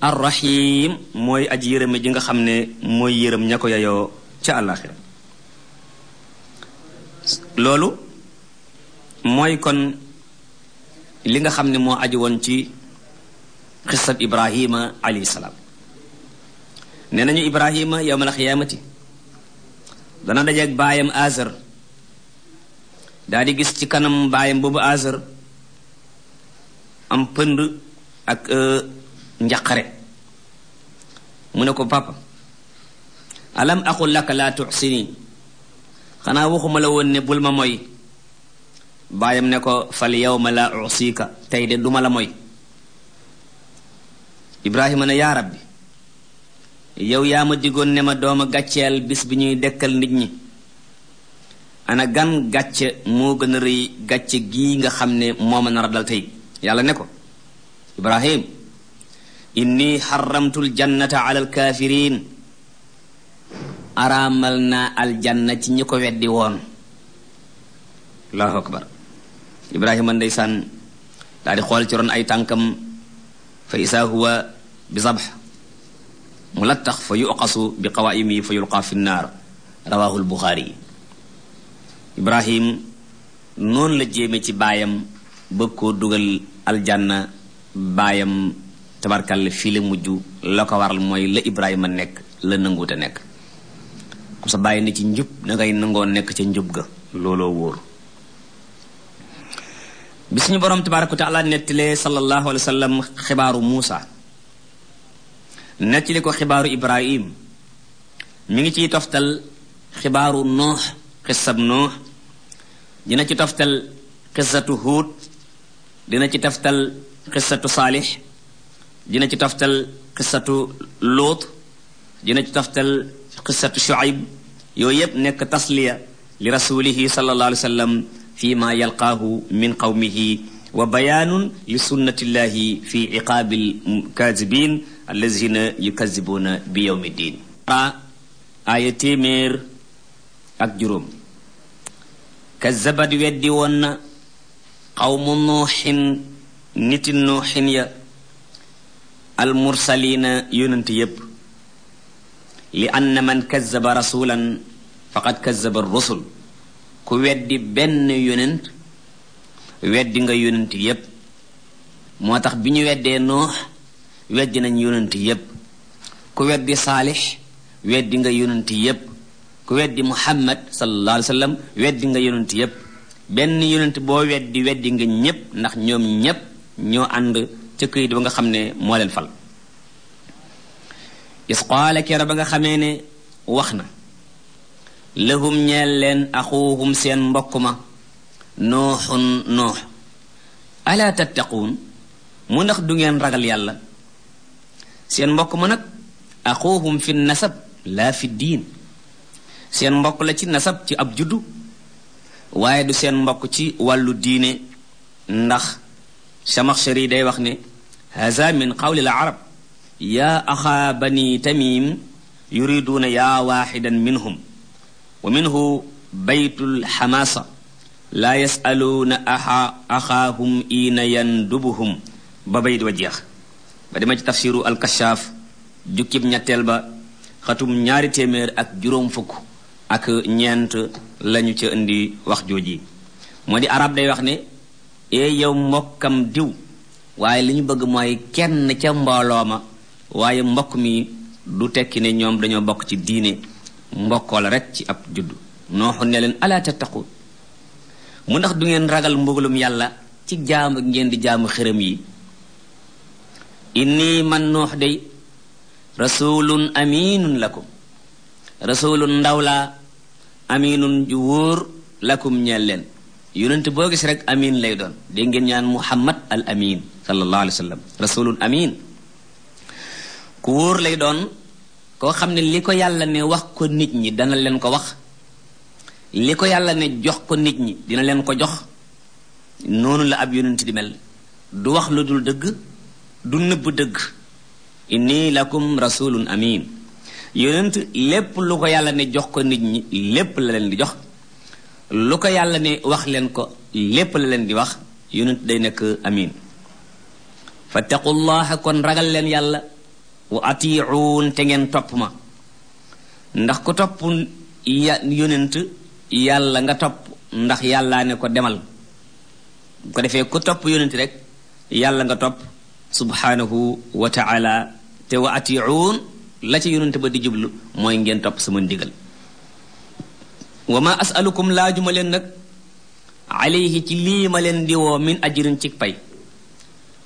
arrahim mooy aji yërëme ji nga xam ne mooy yërëm ña ko yayoo ca àllaaxira loolu mooy kon li nga xam ne moo aju woon ci xisab ibrahima alayhi salaam nee nañu ibrahima yowmal xiyaamati dana dajeeg baayam azar daal di gis ci kanam baayam boobu azar am pënd ak euh, njaqare mu ne ko papa alam aqul laka laa tuxsini xanaa waxuma la woon ne bul ma moy baayam ne ko fal yawma laa uxsika tey de duma la moy ibrahima ne yaa bi yow yaa ma diggoon ne ma doomu gàcceel bis bi ñuy dekkal nit ñi ana gan gàcce moo gën a rëy gàcce gii nga xam ne moo ma nar dal tey yàlla ne ko ibrahim inni xaramtu aljannata ala alkaafiriin araamal naa aljanna ci ñi ko weddi woon allahu akbar xool ci ron ay tànkam fa isaa huwa bi sabx mulattax fa yuqasu bi qawaayimi fa yulqaa fi naar rawaahu albuxaari ibrahim noonu la jéeme ci baayam bëgg koo dugal aljanna baayam tabarkalla fii la mujj la ko waral mooy la Ibrahima nekk la nanguute nekk sa bàyyi ne ci njub dangay nangoo nekk ca njub ga looloo wóor bi suñu borom tabaraka wa taala nettalee sallallahu alayhi wa sallam xibaaru Muusa nettali ko xibaaru Ibrahim mi ngi ciy toftal xibaaru Nuux xissab Nuux dina ci toftal xissatu Huud dina ci toftal xissatu Saalix dina ci toftal xisatu Luut dina ci toftal xisatu Shuayb yooyu yëpp nekk tasliya li rasulihi sallallahu alayhi wa sallam fi ma yalqaahu min qawmihi wa bayaanun li sunnatillahi fi iqaabil kaazibin allazina yukazibuuna bi yawmi ddin aaya téeméer ak juróom kazabat weddi woon na qawmu nuuxin niti nuuxin ya almursaliina yónent yépp li anna man kazaba rasulan faqad kazaba rusul ku weddi benn yónent weddi nga yónent yépp moo tax bi ñu weddee noox weddi nañ yónent yépp ku weddi saalix weddi nga yónent yépp ku weddi muhammad sallallahu alayhi wa sallam weddi nga yónent yépp benn yónent boo weddi weddi nga ñépp ndax ñoom ñépp ñoo ànd ca këyit ba nga xam ne moo leen fal is qaala ba nga xamee ne wax na lahum ñeel leen axuuhum seen mbokk ma nooxun noox ala tattaquun mu ndax du ngeen ragal yàlla seen mbokk ma nag axuuhum fi nasab laa fi diin seen mbokk la ci nasab ci ab juddu waaye du seen mbokk ci wàllu diine ndax Chamaxshari day wax ne haza min qawli l arab yaa axaa bani tamim yuriduuna yaa waaxidan minhum wa minhu baytul xamaasa laa yasaluuna aa axaahum iina yandubuhum ba bayit wa jeex ba dama ci tafsiru alkashaaf jukkib ñetteel ba xatum ñaari téeméer ak juróom fukk ak ñeent lañu ca indi wax jooji moo di arab day wax ne ee yow mbokkam diw waaye li ñu bëgg mooy kenn ca mbooloo ma waaye mbokk mi du tekki ne ñoom dañoo bokk ci diine mbokkoo la rek ci ab juddu nooxu ne leen alaa tattaqu mu ndax du ngeen ragal mbugalum yàlla ci jaamu ngeen di jaamu xërëm yi inni man noox day rasulun aminun lakum rasulun ndaw la aminun ju wóor lakum ñeel leen yonent boo gis rek amin lay doon dégg ngeen ñaan muhammad al amin sallallahu alayhi wa sallam rasulun amin ku wóor lay doon koo xam ne li ko yàlla ne wax ko nit ñi dana leen ko wax li yàlla ne jox ko nit ñi dina leen ko jox noonu la ab yonent di mel du wax lu dul dëgg du nëbb dëgg inni lakum rasulun amin yonent lépp lu ko yàlla ne jox ko nit ñi lépp la leen di jox lu ko yàlla ne wax leen ko lépp la leen di wax yonent day nekk amin fattaqullaha kon ragal leen yàlla wa atiicuun te ngeen topp ma ndax ku topp ya yàlla nga topp ndax yàllaa ne ko demal bu ko defee ku topp yonent rek yàlla nga topp subhaanahu wa taala te wa atiicuun la ci yonent ba di jublu mooy ngeen topp sama ndigal wa ma asalukum laajuma leen nag alayhi ci lii ma leen di woo min ajirin ci pay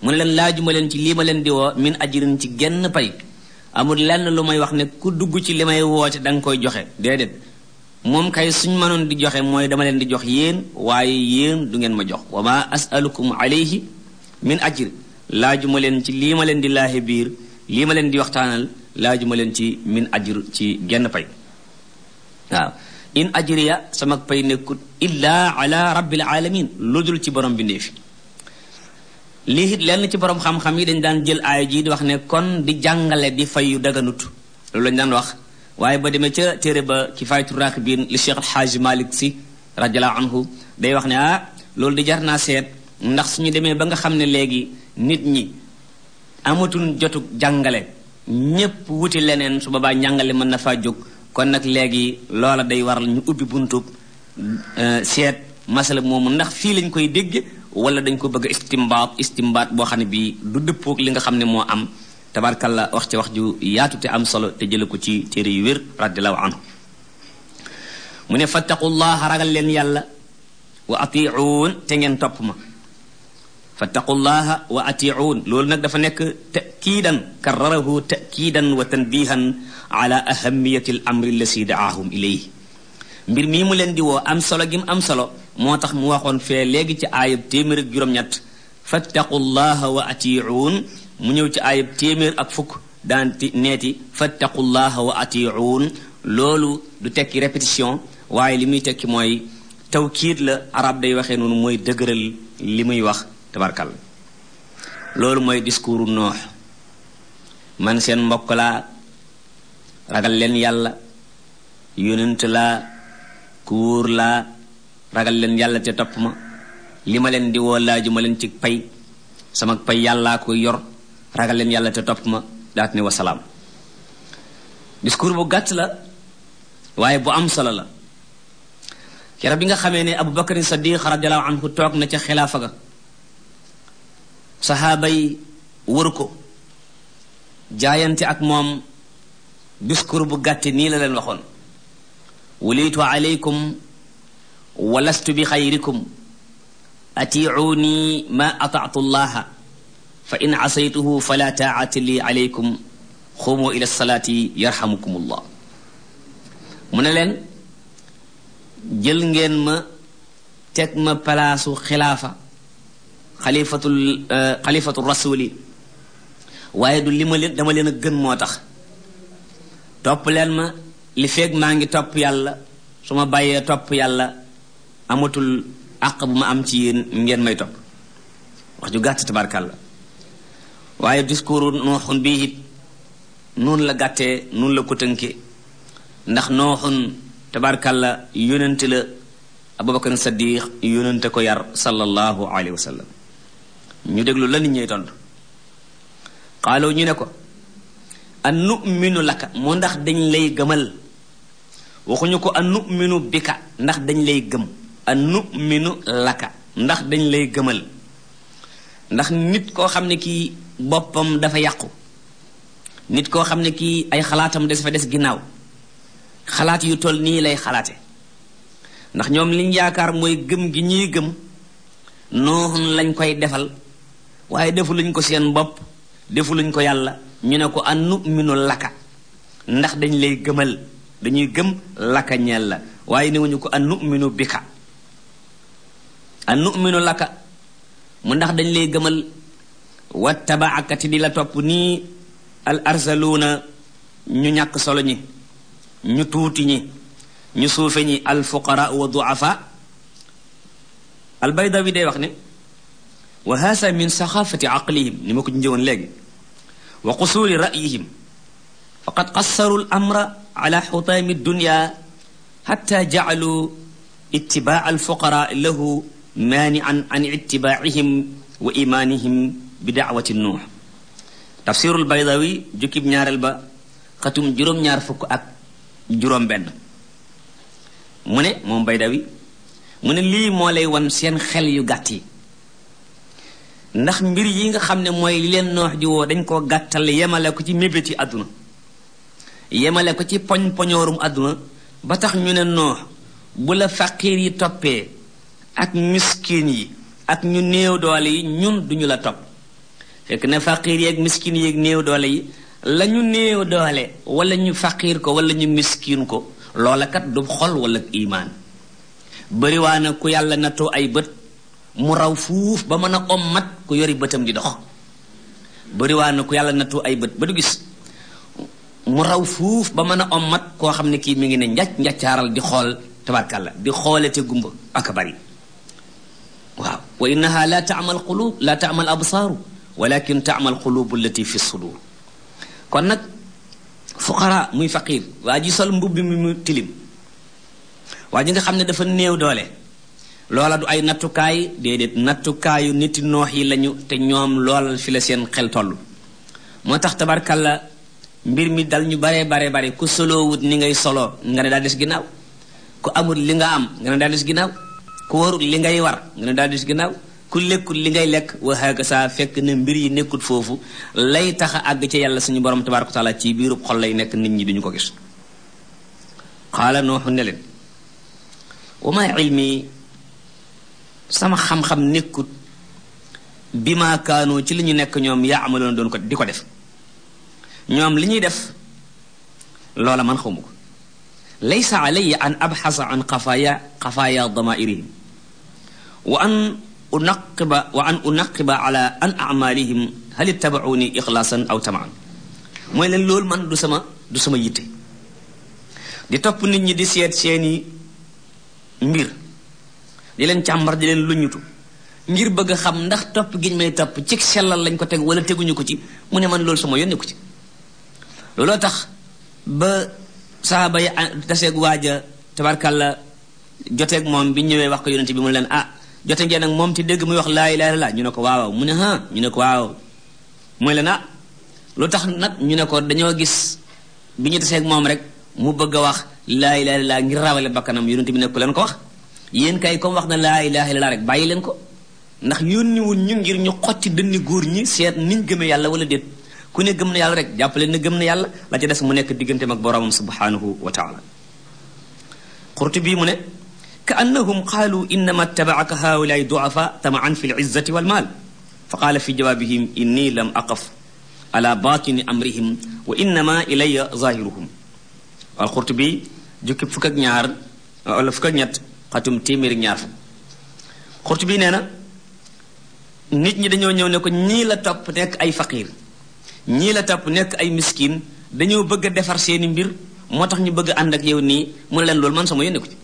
mu ne leen laajuma leen ci lii ma leen di woo min ajirin ci genn pay amul lenn lu may wax ne ku dugg ci li may woote da nga koy joxe déedéet moom kay suñ mënoon di joxe mooy dama leen di jox yéen waaye yéen du ngeen ma jox wa ma asalukum alayhi min ajir laajuma leen ci lii ma leen di laaxe biir lii ma leen di waxtaanal laajuma leen ci min ajir ci genn pay in ajriya sama pay nekkut illa ala rabbil alamin lu dul ci borom bi ndéefi lii it lenn ci borom xam-xam yi dañ daan jël aaya ji di wax ne kon di jàngale di fayyu yu daganut loolu lañ daan wax waaye ba demee ca téere ba kifaayatu raakibin li Cheikh Alxaaji Malik Si radiallahu anhu day wax ne ah loolu di jar naa seet ndax su ñu demee ba nga xam ne léegi nit ñi amatuñ jotug jàngale ñépp wuti leneen su boobaa jàngale mën na faa jóg kon nag léegi loola day waral ñu ubbi buntub euh, seet masala moomu ndax fii lañ koy dégg wala dañ ko bëgg a istimbaat istimbaat boo xam ne bii du dëppoog li nga xam ne moo am tabarkalla wax ci wax ju yaatu te am solo te jële ko ci téere yu wér radiallahu anhu mu ne fattaqullaha ragal leen yàlla wa atiuun te ngeen topp ma fattaqullaha wa atiuun loolu nag dafa nekk takiidan kararahu takiidan wa tanbihan ala ahamiyati al amri allasi daahum ilayhi mbir mi mu leen di woo am solo gi am solo moo tax mu waxoon fee léegi ci aayab téeméer ak juróom-ñett fattaqullaha wa atiuun mu ñëw ci aayab téeméer ak fukk daanti neeti fattaqullaha wa atiuun loolu du tekki répétition waaye li muy tekki mooy tawkiid la arab day waxee noonu mooy dëgëral li muy wax tabarkal loolu mooy diskuur noox man seen mbokk laa ragal leen yàlla yonent laa ku wóor laa ragal leen yàlla te topp ma li ma leen di woo laaju ma leen ci pay sama pay yàllaa ko yor ragal leen yàlla te topp ma daat ni wasalaam discours bu gàtt la waaye bu am solo la keroog bi nga xamee ne Abu Bakar Siddiq radiyallahu anhu toog na ca xilaafa ga saxaaba yi wër ko jaayante ak moom discours bu gàtt nii la leen waxoon wulitu aleykum walastu bi xayrikum atiicuuni ma ataatu llaha fa in asaytuhu fala taacata li aleykum xuumu ila salaati yarxamukum allah mu ne leen jël ngeen ma teg ma palaasu xilaafa xalifatul euh, xalifatul rasuli waaye du li ma leen dama leen a gën moo tax topp leen ma li feeg maa ngi topp yàlla su ma bàyyee topp yàlla amatul àq bu ma am ci ngeen may topp wax ju gàtt tabarkàlla waaye discours nooxun bii it noonu la gàttee noonu la ko tënke ndax nooxun la yónente la abubakar sadiq yónente ko yar sallallahu alayhi wa ñu déglu la nit ñuy tontu xaaloo ñu ne ko an nu'minu laka moo ndax dañ lay gëmal waxuñu ko an minu bika ndax dañ lay gëm an nu'minu laka ndax dañ lay gëmal ndax nit koo xam ne kii boppam dafa yàqu nit koo xam ne kii ay xalaatam des fa des ginnaaw xalaat yu toll nii lay xalaate ndax ñoom liñ yaakaar mooy gëm gi ñuy gëm noonu lañ koy defal waaye defu lañ ko seen bopp defu lañ ko yàlla ñu ne ko an nu'minu lakka ndax dañ lay gëmal dañuy gëm lakka ñeel la waaye newuñu ko an nu'minu bika an nu'minu laka mu ndax dañ lay gëmal wa tabaakati di la topp nii al arsaluuna ñu ñàkk solo ñi ñu tuuti ñi ñu suufe ñi al fuqara wa duafa al baydawi day wax ne wa haasa min saxaafati aqlihim ni ma ko njëwoon léegi wa qusuuri ra'yihim faqad qassaru al amra ala xutaami dunya xatta jacaluu ittibaa alfuqara lahu maanian an ittibaacihim wa imaanihim bi dacwati nuux tafsiirul baydawi jukkib ñaareel ñaar fukk ak mu ne moom baydawi mu ne lii moo wan seen xel yu gàtt yi ndax mbir yi nga xam ne mooy leen noox di woo dañ koo gàttal yemale ko ci mébéti àdduna yemale ko ci poñ poñoorum àdduna ba tax ñu ne noox bu la faqiir yi toppee ak miskin yi ak ñu néew doole yi ñun duñu la topp fekk na faqiir yi ak miskin yi ak néew doole yi lañu ñu néew doole walla ñu faqiir ko wala ñu miskin ko loolakat kat du xol wala imaan bëriwaana ku yàlla nattoo ay bët mu raw fuuf ba mën a om ommat ku yori bëtam di dox bëriwaa na ku yàlla nattu ay bët ba du gis mu raw fuuf ba mën a ommat koo xam ne kii mi ngi ne njaaj njaccaaral di xool tabarkàlla di xoolete gumba ak bari waaw wa innaha la taamal qulub la taamal fi sudur kon nag fuqara muy faqir waa ji sol mbubb mi mu tilim waa ji nga xam ne dafa néew doole loola du ay nattukaay déedéet nattukaayu niti noox yi lañu te ñoom loolal fi la seen xel toll moo tax la mbir mi dal ñu baree bare bare ku soloowut ni ngay solo nga ne daa des ginnaaw ku amul li nga am nga ne daa des ginnaaw ku warul li ngay war nga ne daa des ginnaaw ku lekkul li ngay lekk waxaaka saa fekk na mbir yi nekkut foofu lay taxa a àgg ca yàlla suñu borom tabaraka taala ci biiru xol lay nekk nit ñi duñu ko gis qaala nooxu ne leen wa ilmi sama xam-xam nekkut bi maa ci li ñu nekk ñoom yaa amaloon doon ko di ko def ñoom li ñuy def loola man xawma ko laysa alayya an abxasa an xafaaya damairihim wa an unaqiba wa an unaqiba ala hal ittabauni ixlaasan aw tamaan mooy leen lool man du sama du sama yitte di topp nit ñi di seet seeni mbir di leen càmbar di leen lu luñutu ngir bëgg a xam ndax topp giñ may topp ci sellal lañ ko teg wala teguñu ko ci mu ne man loolu sama yónne ko ci looloo tax ba saaba yi daseeg ah, waaja tabarkàlla joteeg moom bi ñëwee wax ko yonente bi mu leen ah jote ngeen moom ci dégg muy wax laa ilaaha ñu ne ko waaw mu ne ah ñu ne ko waaw mooy leen ah lu tax nag ñu ne ko dañoo gis bi ñu taseeg moom rek mu bëgg a wax laa ilaaha laa ngir rawale bakkanam yonente bi ne leen ko wax yéen kay comme wax na laa ilaha illallah rek bàyyi leen ko ndax yónniwuñ ñu ngir ñu xocc dënni góor ñi seet ni gëmee yàlla wala déet ku ne gëm na yàlla rek jàppale na gëm na yàlla la ca des mu nekk diggante ak boroomam subhanahu wa taala Qurtubi mu ne ka annahum qaalu innama tabaaka haulaay duafa tamaan fi lizzati walmaal fa qaala fi jawaabihim inni lam aqaf ala xatum téeméeri ñaar xurtu bi nee na nit ñi dañoo ñëw ne ko ñii la topp nekk ay faqiir ñii la topp nekk ay miskin dañoo bëgg a defar seeni mbir moo tax ñu bëgg ànd ak yow nii mun ne leen loolu man sama yónne ko ci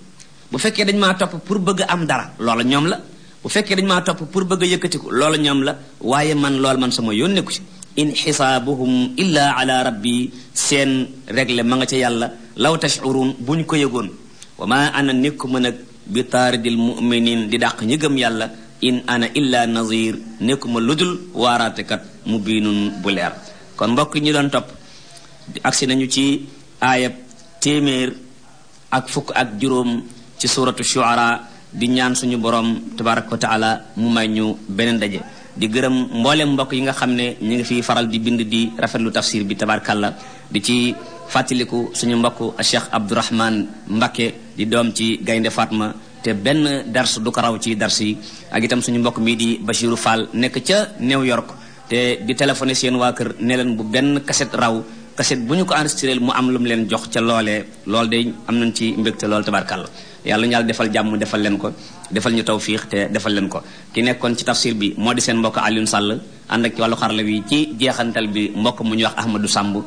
bu fekkee dañ maa topp pour bëgg am dara loola ñoom la bu fekkee dañ maa topp pour bëgg a yëkkatiku loola ñoom la waaye man lool man sama yónne ko ci in xisaabuhum illa ala rabbi seen régle ma nga ci yàlla law tashcuruun bu ñu ko yëgoon mën bi taaridil muminin di dàq ñi gëm yàlla in ana illa nazir nekkuma lu ludul waaraatekat mu biinun bu leer kon mbokk ñi doon topp agsi nañu ci aayab téeméer ak fukk ak juróom ci suratu shuara di ñaan suñu borom tabaraka wa taala mu may ñu beneen daje di gërëm mboolem mbokk yi nga xam ne ñu ngi fiy faral di bind di rafetlu tafsir bi tabarakallah di ci fàttaliku suñu mbokk Cheikh Abdourahman Mbakke di doom ci gaynde Fatma te benn dars du ko raw ci dars yi ak itam suñu mbokk mii di bashiru Fall nekk ca New York te di téléphoné seen waa kër ne leen bu benn kaset raw kaset bu ñu ko enregistré mu am lu mu leen jox ca loolee loolu de am nañ ci mbégte loolu tabarkàlla yàlla ñu yàlla defal jàmm defal leen ko defal ñu taw tawfiix te defal leen ko ki nekkoon ci tafsir bi moo di seen mbokk Alioune Sall ànd ak ci wàllu xarala bi ci jeexantal bi mbokk mu ñuy wax Ahmadou Samb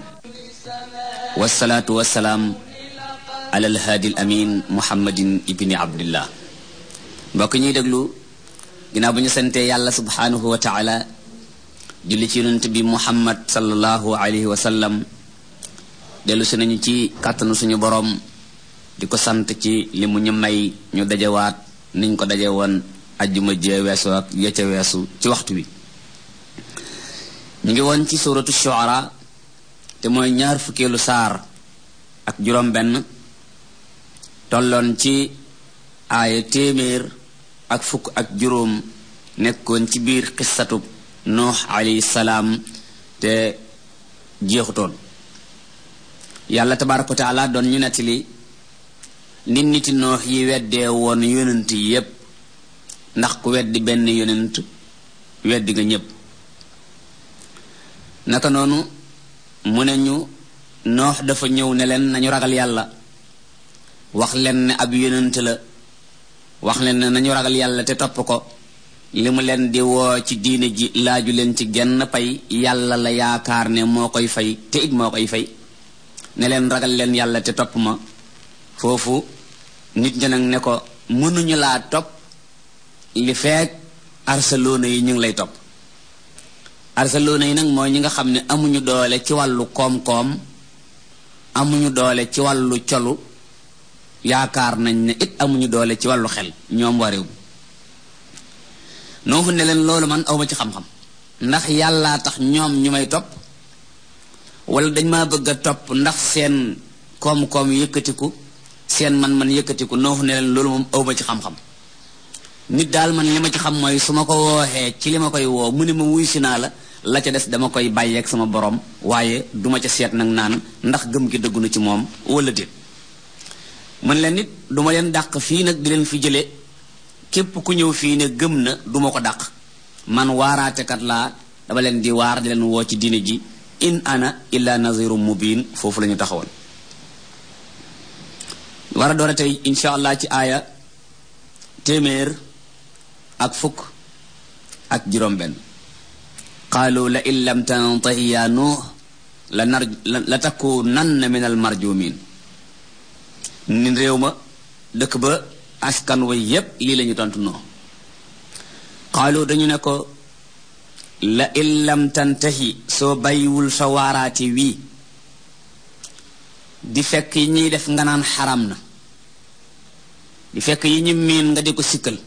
wasalaatu wasalaam alal haadi al amin muhammadin ibni abdillah mbokk ñuy déglu ginnaaw bu ñu santee yàlla subhaanahu wa taala ci yonent bi muhammad sallallahu alayhi wa sallam dellu nañu ci kàttanu suñu boroom di ko sant ci limu mu ñu may ñu dajewaat niñ ko daje woon ajjuma jee weesu ak weesu ci waxtu wi ñu ngi woon ci suratu shuara te mooy ñaar fukkeelu saar ak juróom benn tolloon ci aaya téeméer ak fukk ak juróom nekkoon ci biir xissatub noox alayhi salaam te jeexutoon yàlla tabaaraka wa taala doon ñu nettali nit niti noox yi weddee woon yonant yi yépp ndax ku weddi benn yonent weddi ñépp naka noonu mu ne ñu noox dafa ñëw ne leen nañu ragal yàlla wax leen ne ab yonent la wax leen ne nañu ragal yàlla te topp ko li mu leen di woo ci diine ji laaju leen ci genn pay yàlla la yaakaar ne moo koy fay te it moo koy fay ne leen ragal leen yàlla te topp ma foofu nit ñi ne ko mënuñu laa topp li feek arsalona yi ñu ngi lay topp arsaluuna yi nag mooy ñi nga xam ne amuñu doole ci wàllu koom-koom amuñu doole ci wàllu colu yaakaar nañ ne it amuñu doole ci wàllu xel ñoom warew noofu ne leen loolu man awma ci xam-xam ndax yàllaa tax ñoom ñu may topp wala dañ maa bëgg a topp ndax seen koom-koom yëkkatiku seen man-man yëkkatiku noofu ne leen loolu moom awma ci xam-xam nit daal man li ma ci xam mooy su ma ko wooxee ci li ma koy woo mu ne ma wuy si naa la la ca des dama koy bàyyeek sama boroom waaye duma ca seet nag naan ndax gëm gi dëggu na ci moom wala déet man leen nit du ma leen dàq fii nag di leen fi jële képp ku ñëw fii ne gëm na duma ko dàq man waaraatekat laa dama leen di waar di leen woo ci diine ji in ana illa nazirun mubin foofu la ñu taxawoon war a doora tey incha allah ci aaya téeméer ak fukk ak juróom-benn qaalu la in lam tantahi yaa nuux la nar la takunanna min al marjumin ni réew ma dëkk ba askan wa yépp lii lañu ñu tontu noo dañu ne ko la in lam tantahi soo bàyyiwul sa waaraati wii di fekk yi ñuy def nga naan xaram na di fekk yi ñu miin nga di ko sikkal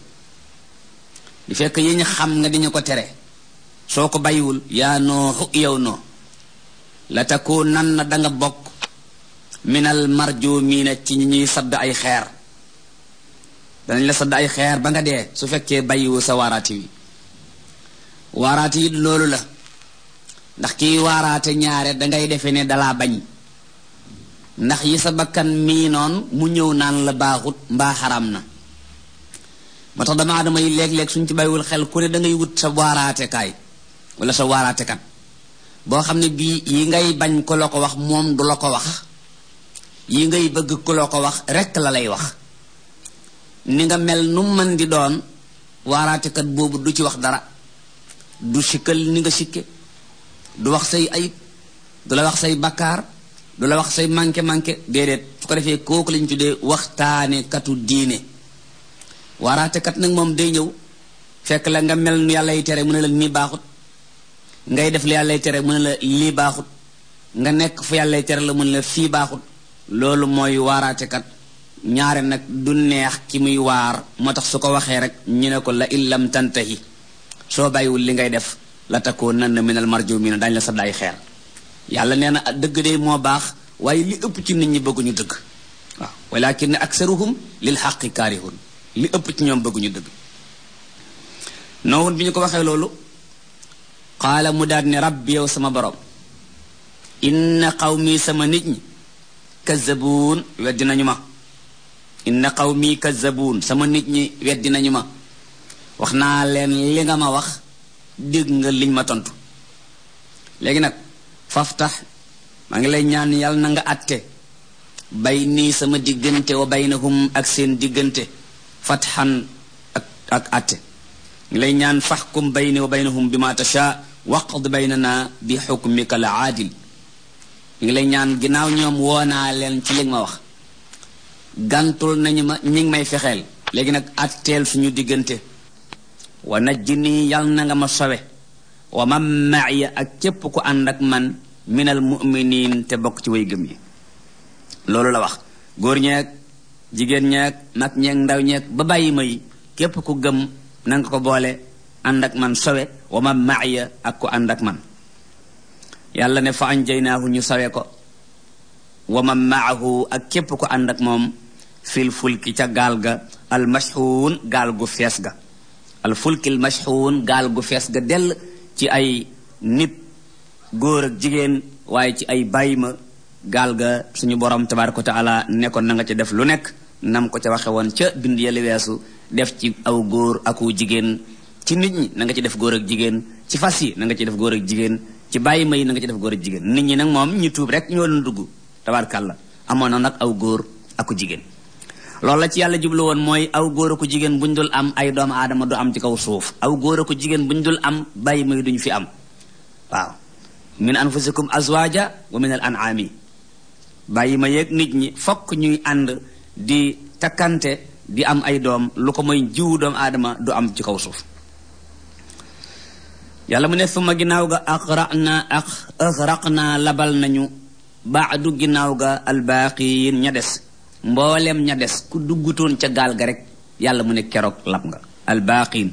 du fekk yi ñu xam nga diñu ko tere soo ko bàyyiwul yaa nooxu yow noo la takoo nan na danga bokk minal marjumiina ci ñi ñuy sadd ay xeer danañ la sadd ay xeer ba nga dee su fekkee bàyyiwu sa waaraati wi waaraati yi loolu la ndax kiy waaraate ñaare dangay defe ne dalaa bañ ndax yi sa bakkan mii noon mu ñëw naan la baaxut mbaa xaram na moo tax dama adama yi léeg-léeg suñ ci bàyyiwul xel ku ne da ngay wut sa waaraatekaay wala sa waaraatekat boo xam ne bii yi ngay bañ ko la ko wax moom du la ko wax yi ngay bëgg ku ko wax rekk la lay wax ni nga mel nu mën di doon waaraatekat boobu du ci wax dara du sikkal ni nga sikke du wax say ayib du la wax say bakkaar du la wax say manqué manqué déedéet su ko defee kooku lañ tuddee waxtaane katu diine waaraate kat nag moom day ñëw fekk la nga mel nu yàlla yi tere mu ne la nii baaxut ngay def li yàlla yi tere mu ne la lii baaxut nga nekk fu yàllay tere la mu ne la fii baaxut loolu mooy waaraatekat ñaare nag du neex ki muy waar moo tax su ko waxee rek ñu ne ko la illam tantahi soo bàyyiwul li ngay def la takkoo nan na minal marjumiina dañ la sa daay xeer yàlla nee na dëgg de moo baax waaye li ëpp ci nit ñi bëgguñu dëgg waaw walakin aksaruhum ak xaqi kaarihun li ëpp ci ñoom bëgguñu dëgg noowun bi ñu ko waxee loolu xaala mu daal ne rabbi yow sama borom inna mii sama nit ñi kazzabuun weddi nañu ma inna xawmi kazzabuun sama nit ñi weddi nañu ma wax naa leen li nga ma wax dégg nga liñ ma tontu léegi nag faftax maa ngi lay ñaan yàlla na nga àtte bay nii sama diggante wa baynahum ak seen diggante fatxan ak ak atte lay ñaan faxkum bayni wa baynahum bi ma tasha waqd baynana bi xukmika al aadil ñu ngi lay ñaan ginnaaw ñoom woo naa leen ci li ma wax gàntul nañu ma ñi ngi may fexeel léegi nag atteel suñu diggante wa najjini yal na nga ma sowe wa man maaya ak képp ku ànd ak man minal mu'minin te bokk ci way gëm yi loolu la wax góor jigéen ñeeg nag ñeeg ndaw ñeeg ba bàyyi may yi képp ku gëm na ko boole ànd ak man sowe wa man maaya ak ku ànd man yàlla ne fa anjaynaahu ñu sawe ko wa man maahu ak képp ku ànd ak moom fil fulki ca gaal ga al mashxuun gaal gu fees ga al fulkil mashxuun gaal gu fees ga dell ci ay nit góor ak jigéen waaye ci ay bàyyi ma gaal ga suñu borom tabaaraka wa taala nekkoon na nga ci def lu nekk nam ko ca waxe woon ca bind yàlla weesu def ci aw góor aku jigéen ci nit ñi na ci def góor ak jigéen ci fas yi na nga ci def góor ak jigéen ci bàyyi ma yi na nga ci def góor ak jigéen nit ñi nag moom ñu tuub rek ñoo leen dugg tabaarkàlla amoon na nag aw góor aku jigéen loolu la ci yàlla jublu woon mooy aw góor aku jigéen bu ñu dul am ay doomu aadama du am ci kaw suuf aw góor aku jigéen bu ñu dul am bàyyi ma yi duñu fi am waaw min anfusikum azwaja wa bàyyi ma yeeg nit ñi fokk ñuy ànd di takkante di am ay doom lu ko mooy jiwu doom aadama du am ci kaw suuf yàlla mu ne suma ginnaaw ga axraq naa ak axraq naa labal nañu baadu ginnaaw ga albaaqiin ña des mboolem ña des ku duggutoon ca gaal ga rek yàlla mu ne keroog lab nga albaaqiin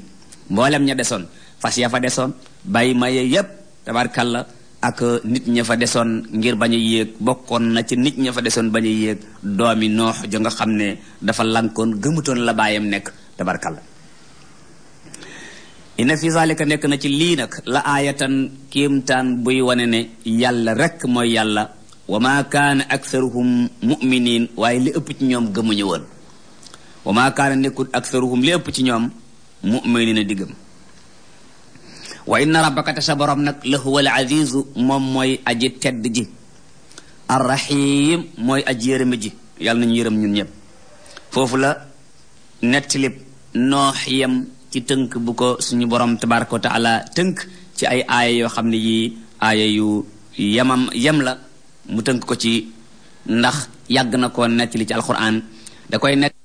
mboolem ña desoon fas ya fa desoon bàyyi maye yépp tabarkalla ak nit ña fa desoon ngir bañ yéeg bokkoon na ci nit ña fa desoon bañ a yéeg doomi noox ja nga xam ne dafa lankoon gëmutoon la baayam nekk tabarkalla inna fi zalika nekk na ci lii nag la aayatan kéemtaan buy wane ne yàlla rekk mooy yàlla wa maa kaana aktharuhum mu'minin waaye li ëpp ci ñoom gëmuñu woon wa maa kaana nekkul aktharuhum li ëpp ci ñoom mu'minina di gëm wa inna rabbaka te sa borom nag la huwa al azizu moom mooy aji tedd ji arrahim mooy aji yërëme ji yàlla nañu yërëm ñun ñëpp foofu la nettilib noox yem ci tënk bu ko suñu borom tabaraka wa tënk ci ay aaya yoo xam ne yii aaya yu yamam yem la mu tënk ko ci ndax yàgg na koon nettali ci alquran da koy nett